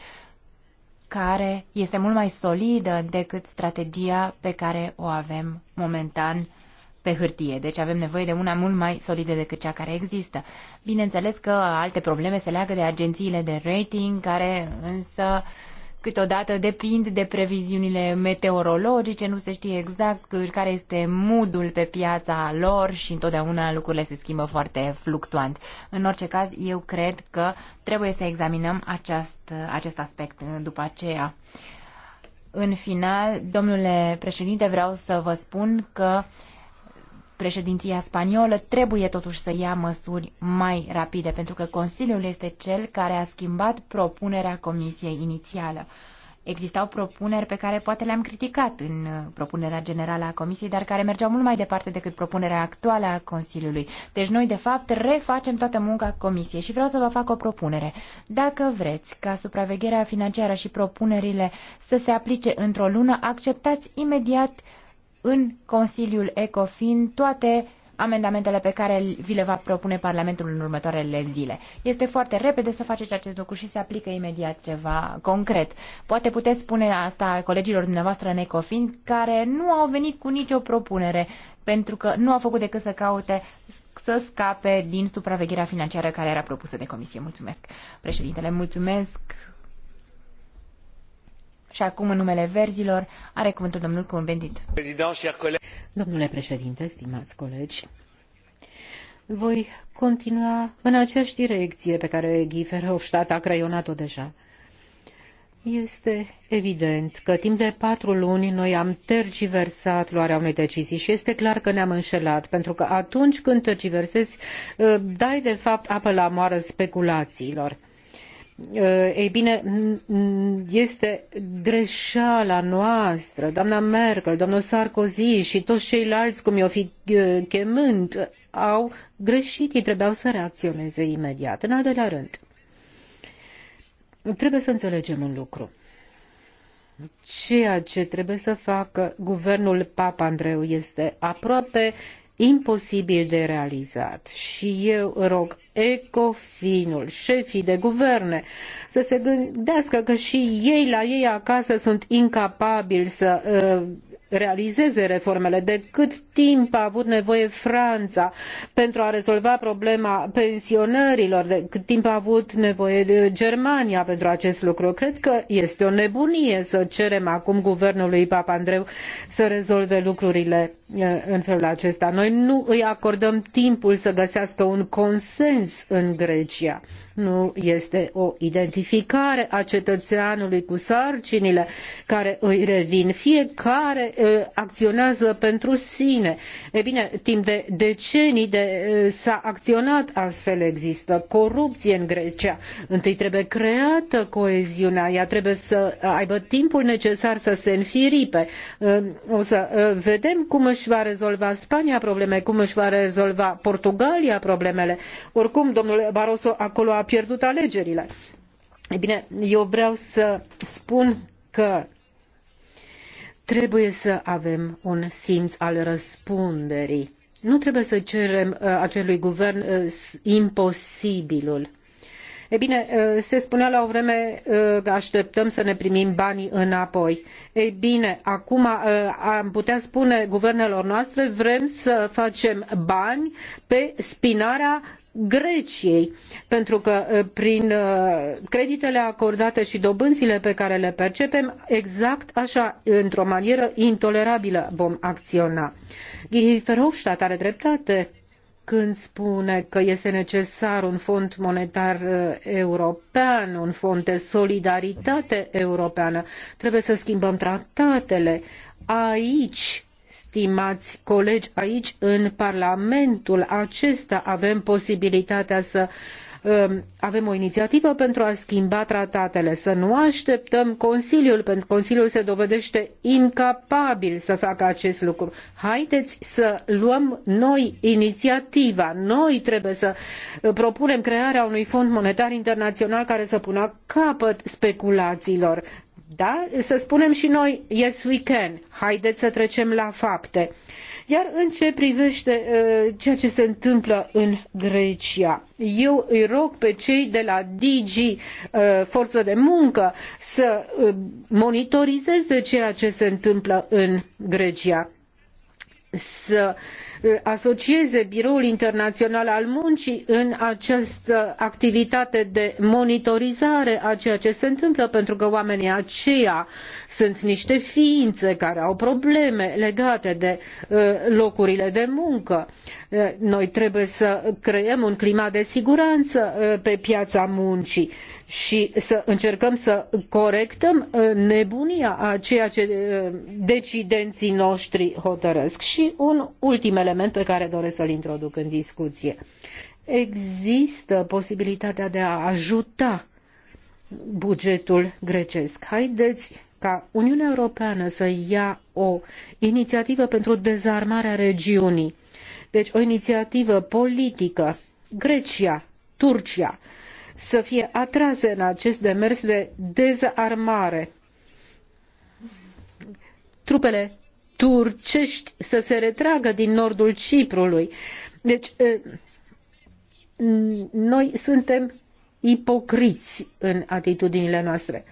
care este mult mai solidă decât strategia pe care o avem momentan pe hârtie. Deci avem nevoie de una mult mai solidă decât cea care există. Bineînțeles că alte probleme se leagă de agențiile de rating, care însă uh, câteodată depind de previziunile meteorologice, nu se știe exact care este modul pe piața lor și întotdeauna lucrurile se schimbă foarte fluctuant. În orice caz, eu cred că trebuie să examinăm aceast, acest aspect după aceea. În final, domnule președinte, vreau să vă spun că uh, președinția spaniolă trebuie totuși să ia măsuri mai rapide, pentru că Consiliul este cel care a schimbat propunerea Comisiei inițială. Existau propuneri pe care poate le-am criticat în uh, propunerea generală a Comisiei, dar care mergeau mult mai departe decât propunerea actuală a Consiliului. Deci noi, de fapt, refacem toată munca Comisiei și vreau să vă fac o propunere. Dacă vreți ca supravegherea financiară și propunerile să se aplice într-o lună, acceptați imediat uh, în Consiliul ECOFIN toate amendamentele pe care vi le va propune Parlamentul în următoarele zile. Este foarte repede să faceți acest lucru și se aplică imediat ceva concret. Poate puteți spune asta colegilor dumneavoastră în Ecofin, care nu au venit cu nicio propunere, pentru că nu au făcut decât să caute să scape din supravegherea financiară care era propusă de comisie. Mulțumesc. Președintele, mulțumesc și acum, în numele verzilor, are cuvântul domnul Convendit. Domnule președinte, stimați colegi, voi continua în aceeași direcție pe care Guy Verhofstadt a creionat-o deja. Este evident că timp de patru luni noi am tergiversat luarea unei decizii și este clar că ne-am înșelat, pentru că atunci când tergiversezi, dai de fapt apă la moară speculațiilor. Eh, ei bine, este greșeala noastră, doamna Merkel, domnul Sarkozy și toți ceilalți, cum i-o fi eh, chemând, au greșit, ei trebuiau să reacționeze imediat. În al doilea rând, trebuie să înțelegem un lucru. Ceea ce trebuie să facă guvernul Papa Andreu este aproape imposibil de realizat și eu rog Ecofinul, șefii de guverne, să se gândească că și ei la ei acasă sunt incapabili să uh, realizeze reformele, de cât timp a avut nevoie Franța pentru a rezolva problema pensionărilor, de cât timp a avut nevoie eh, Germania pentru acest lucru. Cred că este o nebunie să cerem acum guvernului Papandreu să rezolve lucrurile eh, în felul acesta. Noi nu îi acordăm timpul să găsească un consens în Grecia. Nu este o identificare a cetățeanului cu sarcinile care îi revin. Fiecare Uh, acționează pentru sine. E bine, timp de decenii de, uh, s-a acționat astfel. Există corupție în Grecia. Întâi trebuie creată coeziunea. Ea trebuie să aibă timpul necesar să se înfiripe. Uh, o să vedem cum își va rezolva Spania probleme, cum își va rezolva Portugalia problemele. Oricum, domnule Barroso acolo a pierdut alegerile. E bine, eu vreau să spun că Trebuie să avem un simț al răspunderii. Nu trebuie să cerem uh, acelui guvern uh, imposibilul. E bine, uh, se spunea la o vreme că așteptăm să ne primim banii înapoi. Ei bine, acum am putea spune guvernelor noastre vrem să facem bani pe spinarea Greciei, pentru că uh, prin uh, creditele acordate și dobânzile pe care le percepem, exact așa, într-o manieră intolerabilă vom acționa. Guy Verhofstadt are dreptate când spune că este necesar un fond monetar uh, european, un fond de solidaritate europeană. Trebuie să schimbăm tratatele. Aici stimați colegi, aici în Parlamentul acesta avem posibilitatea să um, avem o inițiativă pentru a schimba tratatele, să nu așteptăm Consiliul, pentru că Consiliul se dovedește incapabil să facă acest lucru. Haideți să luăm noi inițiativa. Noi trebuie să uh, propunem crearea unui fond monetar internațional care să pună capăt speculațiilor. Da? Să spunem și noi, yes we can, haideți să trecem la fapte. Iar în ce privește uh, ceea ce se întâmplă în Grecia, eu îi rog pe cei de la DG uh, Forță de Muncă să uh, monitorizeze ceea ce se întâmplă în Grecia, să Uh, asocieze Biroul Internațional al Muncii în această activitate de monitorizare a ceea ce se întâmplă, pentru că oamenii aceia sunt niște ființe care au probleme legate de uh, locurile de muncă. Uh, noi trebuie să creăm un climat de siguranță pe piața muncii și să încercăm să corectăm uh, nebunia a ceea ce uh, decidenții noștri hotărăsc. Și un ultim element pe care doresc să-l introduc în discuție. Există posibilitatea de a ajuta bugetul grecesc. Haideți ca Uniunea Europeană să ia o inițiativă pentru dezarmarea regiunii. Deci o inițiativă politică. Grecia, Turcia, să fie atrase în acest demers de dezarmare. Trupele turcești să se retragă din nordul Ciprului. Deci, noi suntem ipocriți în atitudinile noastre.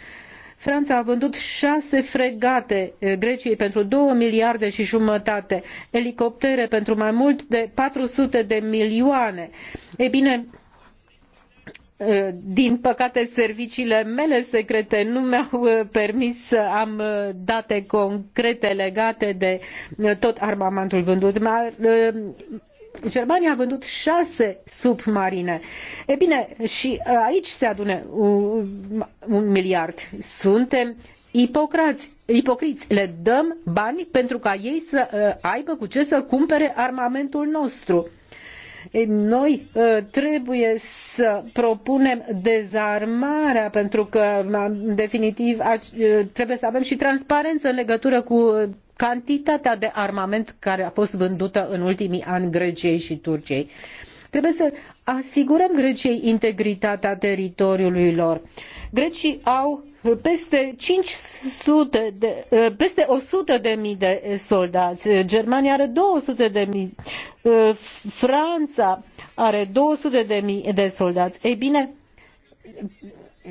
Franța a vândut șase fregate Greciei pentru 2 miliarde și jumătate, elicoptere pentru mai mult de 400 de milioane. Ei bine, Eh, din păcate serviciile mele secrete nu mi-au eh, permis să am eh, date concrete legate de tot armamentul vândut. Germania a vândut șase submarine. E bine, și aici se adune un, miliard. Suntem ipocrați, ipocriți. Le dăm bani pentru ca ei să aibă cu ce să cumpere armamentul nostru. Noi ă, trebuie să propunem dezarmarea pentru că, în definitiv, ă, trebuie să avem și transparență în legătură cu cantitatea de armament care a fost vândută în ultimii ani Greciei și Turciei. Trebuie să asigurăm Greciei integritatea teritoriului lor. Grecii au peste 500 de, ă, peste 100 de mii de soldați. Germania are 200 de mii Ă, Franța are 200 de mii de soldați. Ei bine,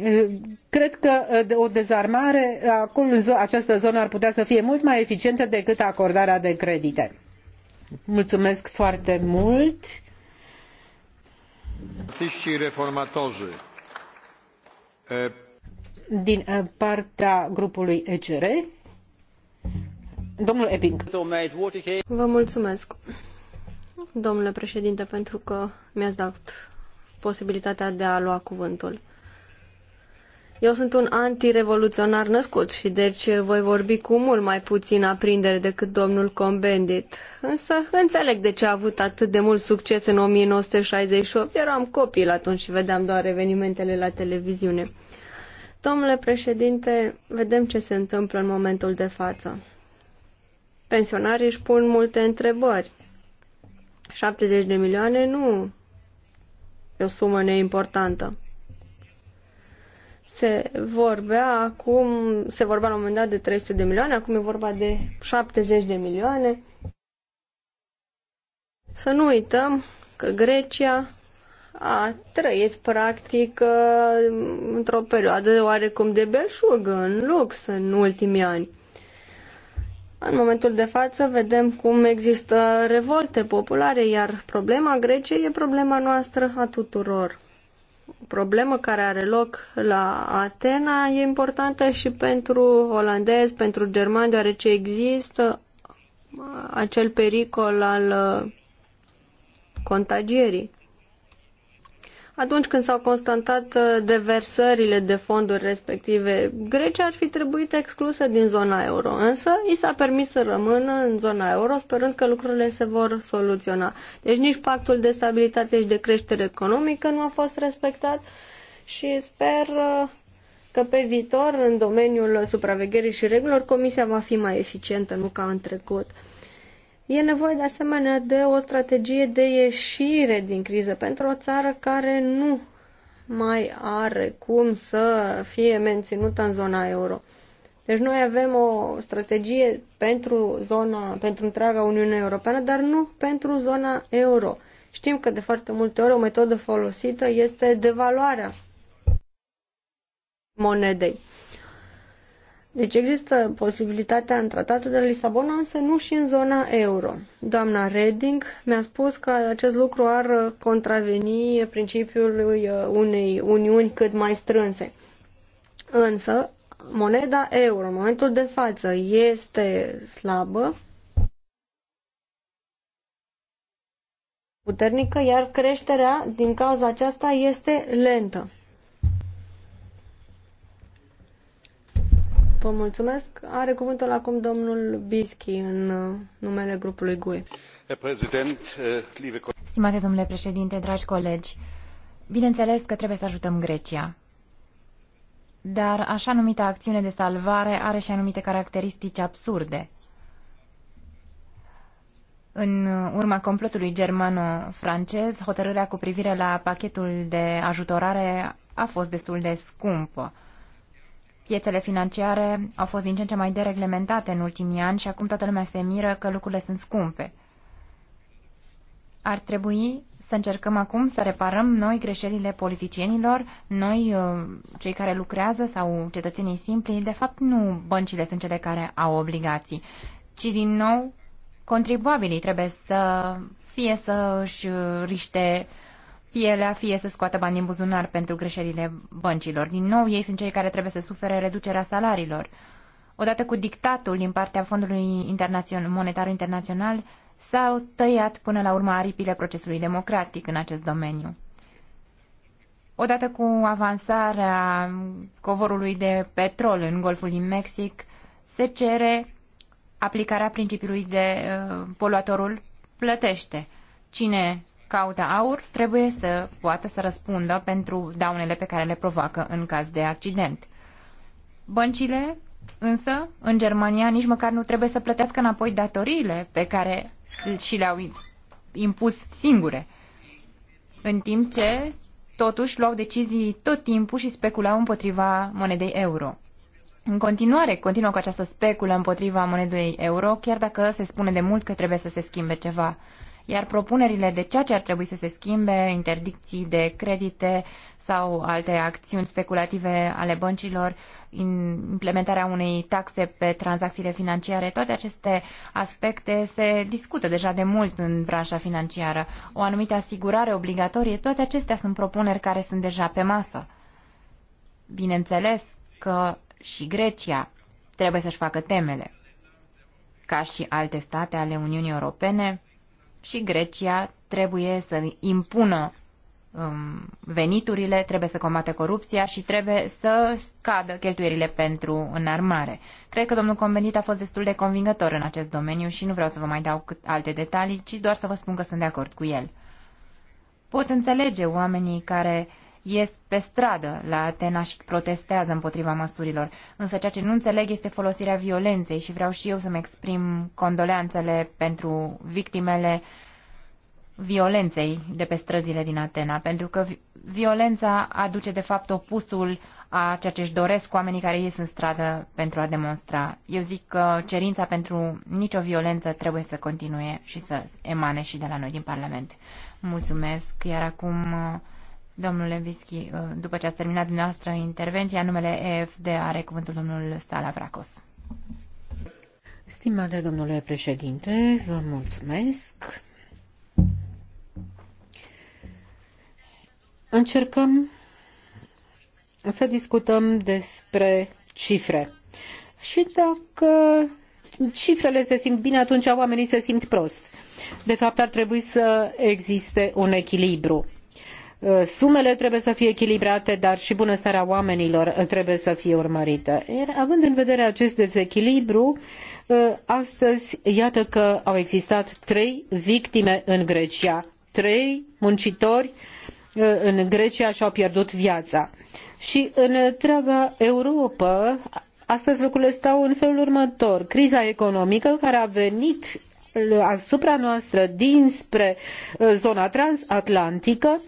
ă, cred că ă, o dezarmare acolo în această zonă ar putea să fie mult mai eficientă decât acordarea de credite. Mulțumesc foarte mult. Artiștii reformatorzy. Din partea grupului ECR. Domnul Epping. Vă mulțumesc domnule președinte, pentru că mi-ați dat posibilitatea de a lua cuvântul. Eu sunt un antirevoluționar născut și deci voi vorbi cu mult mai puțin aprindere decât domnul Combendit. Însă înțeleg de ce a avut atât de mult succes în 1968. Eram copil atunci și vedeam doar evenimentele la televiziune. Domnule președinte, vedem ce se întâmplă în momentul de față. Pensionarii își pun multe întrebări. 70 de milioane nu e o sumă neimportantă. Se vorbea acum, se vorbea la un moment dat de 300 de milioane, acum e vorba de 70 de milioane. Să nu uităm că Grecia a trăit practic uh, într-o perioadă oarecum de belșug în lux în ultimii ani. În momentul de față vedem cum există revolte populare, iar problema Greciei e problema noastră a tuturor. O problemă care are loc la Atena e importantă și pentru olandezi, pentru germani, deoarece există acel pericol al uh, contagierii atunci când s-au constatat uh, deversările de fonduri respective. Grecia ar fi trebuit exclusă din zona euro, însă i s-a permis să rămână în zona euro, sperând că lucrurile se vor soluționa. Deci nici pactul de stabilitate și de creștere economică nu a fost respectat și sper uh, că pe viitor, în domeniul supravegherii și regulilor, Comisia va fi mai eficientă, nu ca în trecut. E nevoie de asemenea de o strategie de ieșire din criză pentru o țară care nu mai are cum să fie menținută în zona euro. Deci noi avem o strategie pentru zona, pentru întreaga Uniune Europeană, dar nu pentru zona euro. Știm că de foarte multe ori o metodă folosită este devaluarea monedei. Deci există posibilitatea în tratatul de la Lisabona, însă nu și în zona euro. Doamna Reding mi-a spus că acest lucru ar contraveni principiului uh, unei uniuni cât mai strânse. Însă, moneda euro în momentul de față este slabă, puternică, iar creșterea din cauza aceasta este lentă. Vă mulțumesc. Are cuvântul acum domnul Bischi în uh, numele grupului GUE. Äh, Stimate domnule președinte, dragi colegi, bineînțeles că trebuie să ajutăm Grecia. Dar așa numită acțiune de salvare are și anumite caracteristici absurde. În urma complotului germano-francez, hotărârea cu privire la pachetul de ajutorare a fost destul de scumpă. Piețele financiare au fost din ce în ce mai dereglementate în ultimii ani și acum toată lumea se miră că lucrurile sunt scumpe. Ar trebui să încercăm acum să reparăm noi greșelile politicienilor, noi, uh, cei care lucrează sau cetățenii simpli. De fapt, nu băncile sunt cele care au obligații, ci din nou contribuabilii trebuie să fie să își riște pielea, fie să scoată bani din buzunar pentru greșelile băncilor. Din nou, ei sunt cei care trebuie să sufere reducerea salariilor. Odată cu dictatul din partea Fondului internațional, Monetar Internațional, s-au tăiat până la urmă aripile procesului democratic în acest domeniu. Odată cu avansarea covorului de petrol în Golful din Mexic, se cere aplicarea principiului de uh, poluatorul plătește. Cine caută aur trebuie să poată să răspundă pentru daunele pe care le provoacă în caz de accident. Băncile, însă, în Germania nici măcar nu trebuie să plătească înapoi datoriile pe care și le-au impus singure, în timp ce, totuși, luau decizii tot timpul și speculau împotriva monedei euro. În continuare, continuă cu această speculă împotriva monedei euro, chiar dacă se spune de mult că trebuie să se schimbe ceva. Iar propunerile de ceea ce ar trebui să se schimbe, interdicții de credite sau alte acțiuni speculative ale băncilor, implementarea unei taxe pe tranzacțiile financiare, toate aceste aspecte se discută deja de mult în branșa financiară. O anumită asigurare obligatorie, toate acestea sunt propuneri care sunt deja pe masă. Bineînțeles că și Grecia trebuie să-și facă temele. Ca și alte state ale Uniunii Europene, și Grecia trebuie să impună um, veniturile, trebuie să combate corupția și trebuie să scadă cheltuierile pentru înarmare. Cred că domnul Convenit a fost destul de convingător în acest domeniu și nu vreau să vă mai dau cât alte detalii, ci doar să vă spun că sunt de acord cu el. Pot înțelege oamenii care uh, ies pe stradă la Atena și protestează împotriva măsurilor. Însă ceea ce nu înțeleg este folosirea violenței și vreau și eu să-mi exprim condoleanțele pentru victimele violenței de pe străzile din Atena, pentru că violența aduce de fapt opusul a ceea ce își doresc oamenii care ies în stradă pentru a demonstra. Eu zic că cerința pentru nicio violență trebuie să continue și să emane și de la noi din Parlament. Mulțumesc, iar acum Domnule Vischi, uh, după ce ați terminat dumneavoastră intervenția, numele EFD are cuvântul domnul Sala Vracos. Stimate domnule președinte, vă mulțumesc. Încercăm să discutăm despre cifre. Și dacă cifrele se simt bine, atunci oamenii se simt prost. De fapt, ar trebui să existe un echilibru Uh, sumele trebuie să fie echilibrate, dar și bunăstarea oamenilor uh, trebuie să fie urmărită. Iar având în vedere acest dezechilibru, uh, astăzi iată că au existat trei victime în Grecia, trei muncitori în Grecia și-au pierdut viața. Și în întreaga Europa, astăzi lucrurile stau în felul următor. Criza economică care a venit asupra noastră dinspre zona transatlantică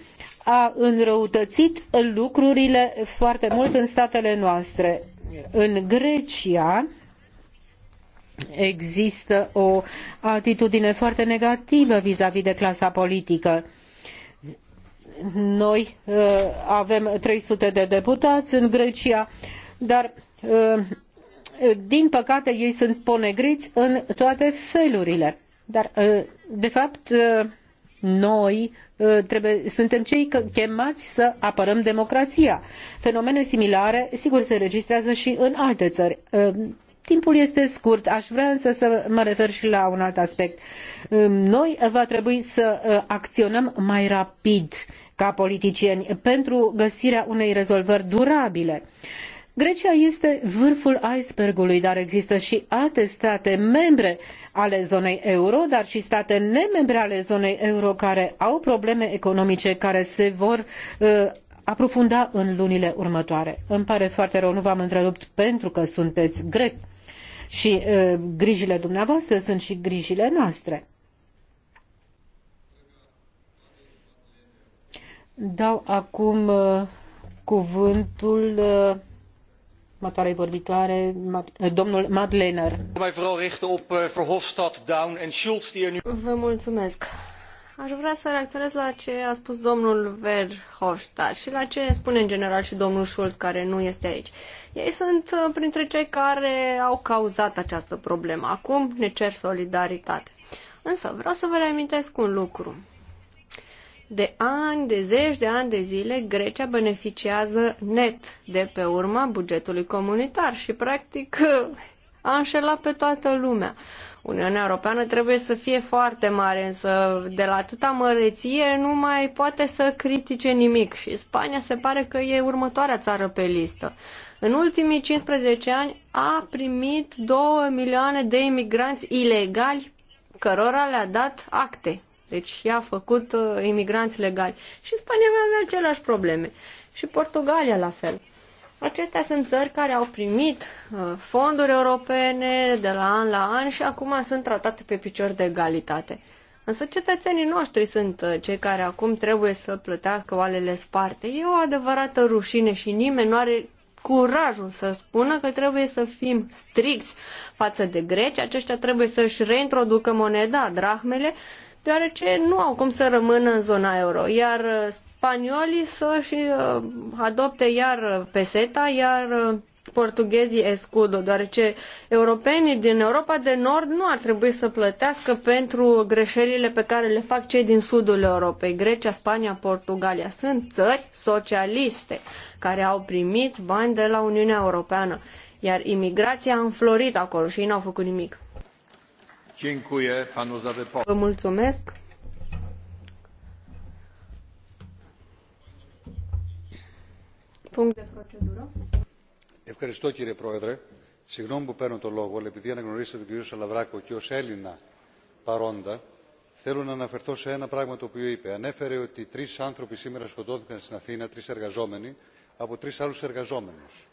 a înrăutățit lucrurile foarte mult în statele noastre. În Grecia există o atitudine foarte negativă vizavi de clasa politică noi uh, avem 300 de deputați în Grecia, dar uh, din păcate ei sunt ponegriți în toate felurile. Dar, uh, de fapt, uh, noi uh, trebuie, suntem cei chemați să apărăm democrația. Fenomene similare, sigur, se registrează și în alte țări. Uh, timpul este scurt, aș vrea însă să mă refer și la un alt aspect. Uh, noi va trebui să acționăm mai rapid ca politicieni pentru găsirea unei rezolvări durabile. Grecia este vârful icebergului, dar există și alte state membre ale zonei euro, dar și state nemembre ale zonei euro care au probleme economice care se vor uh, aprofunda în lunile următoare. Îmi pare foarte rău, nu v-am întrerupt pentru că sunteți grec și uh, grijile dumneavoastră sunt și grijile noastre. Dau acum uh, cuvântul uh, următoarei vorbitoare, eh, domnul Madlener. Eh, er vă mulțumesc. Aș vrea să reacționez la ce a spus domnul Verhofstadt și la ce spune în general și domnul Schulz, care nu este aici. Ei sunt eh, printre cei care au cauzat această problemă. Acum ne cer solidaritate. Însă vreau să vă reamintesc un lucru. De ani, de zeci de ani de zile, Grecia beneficiază net de pe urma bugetului comunitar și, practic, a înșelat pe toată lumea. Uniunea Europeană trebuie să fie foarte mare, însă de la atâta măreție nu mai poate să critique nimic și Spania se pare că e următoarea țară pe listă. În ultimii 15 ani a primit 2 milioane de imigranți ilegali cărora le-a dat acte deci i-a făcut uh, imigranți legali. Și Spania mai avea aceleași probleme. Și Portugalia la fel. Acestea sunt țări care au primit uh, fonduri europene de la an la an și acum sunt tratate pe picior de egalitate. Însă cetățenii noștri sunt uh, cei care acum trebuie să plătească oalele sparte. E o adevărată rușine și nimeni nu are curajul să spună că trebuie să fim stricți față de greci. Aceștia trebuie să-și reintroducă moneda, drahmele, deoarece nu au cum să rămână în zona euro, iar uh, spaniolii să-și uh, adopte iar uh, peseta, iar portughezii escudo, deoarece europenii din Europa de Nord nu ar trebui să plătească pentru greșelile pe care le fac cei din sudul Europei. Grecia, Spania, Portugalia sunt țări socialiste care au primit bani de la Uniunea Europeană, iar imigrația a înflorit acolo și ei n-au făcut nimic. Vă mulțumesc. Punct de procedură. Ευχαριστώ κύριε Πρόεδρε. Συγγνώμη που παίρνω το λόγο, αλλά επειδή αναγνωρίσατε τον κύριο Σαλαβράκο και ως Έλληνα παρόντα, θέλω να αναφερθώ σε ένα πράγμα το οποίο είπε. Ανέφερε ότι τρεις άνθρωποι σήμερα σκοτώθηκαν στην Αθήνα, τρεις εργαζόμενοι, από τρεις άλλους εργαζόμενους.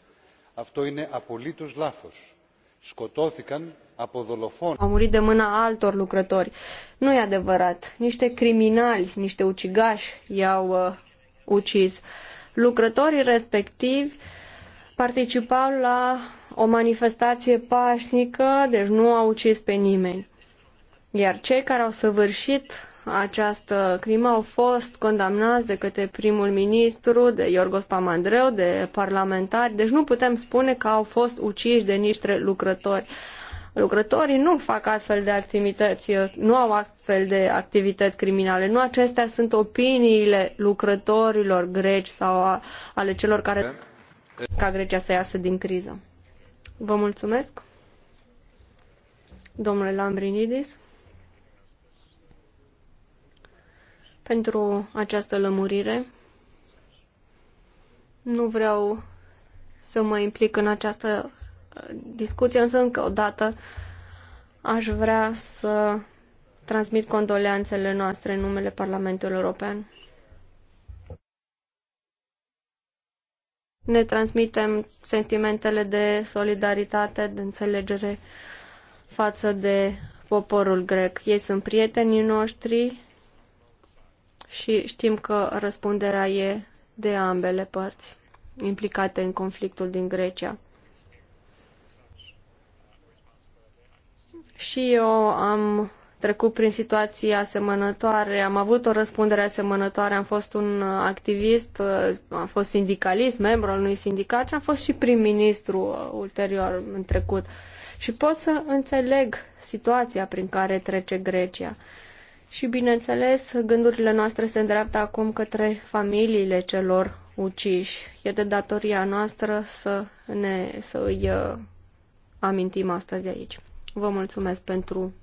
Αυτό είναι απολύτως λάθος σκοτώθηκαν από Au murit de mâna altor lucrători. Nu e adevărat. Niște criminali, niște ucigași i-au uh, ucis. Lucrătorii respectivi participau la o manifestație pașnică, deci nu au ucis pe nimeni. Iar cei care au săvârșit această crimă au fost condamnați de către primul ministru, de Iorgos Pamandreu, de parlamentari, deci nu putem spune că au fost uciși de niște lucrători. Lucrătorii nu fac astfel de activități, nu au astfel de activități criminale. Nu acestea sunt opiniile lucrătorilor greci sau ale celor care ca Grecia să iasă din criză. Vă mulțumesc. Domnule Lambrinidis. pentru această lămurire. Nu vreau să mă implic în această uh, discuție, însă încă o dată aș vrea să transmit condoleanțele noastre în numele Parlamentului European. Ne transmitem sentimentele de solidaritate, de înțelegere față de poporul grec. Ei sunt prietenii noștri și știm că răspunderea e de ambele părți implicate în conflictul din Grecia. Și eu am trecut prin situații asemănătoare, am avut o răspundere asemănătoare, am fost un activist, uh, am fost sindicalist, membru al unui sindicat și am fost și prim-ministru uh, ulterior în trecut. Și pot să înțeleg situația prin care trece Grecia. Uh, și, bineînțeles, gândurile noastre se îndreaptă acum către familiile celor uciși. E de datoria noastră să, ne, să îi uh, amintim astăzi aici. Vă mulțumesc pentru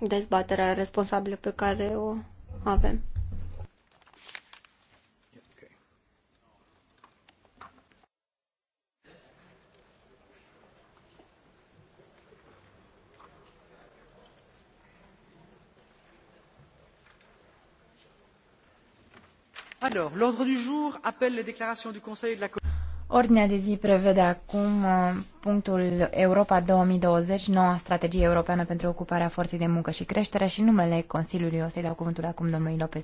dezbaterea responsabilă pe care o avem. Ordinea de zi prevede acum uh, punctul Europa 2020, noua strategie europeană pentru ocuparea forței de muncă și creștere și numele Consiliului o să-i dau cuvântul acum domnului Lopez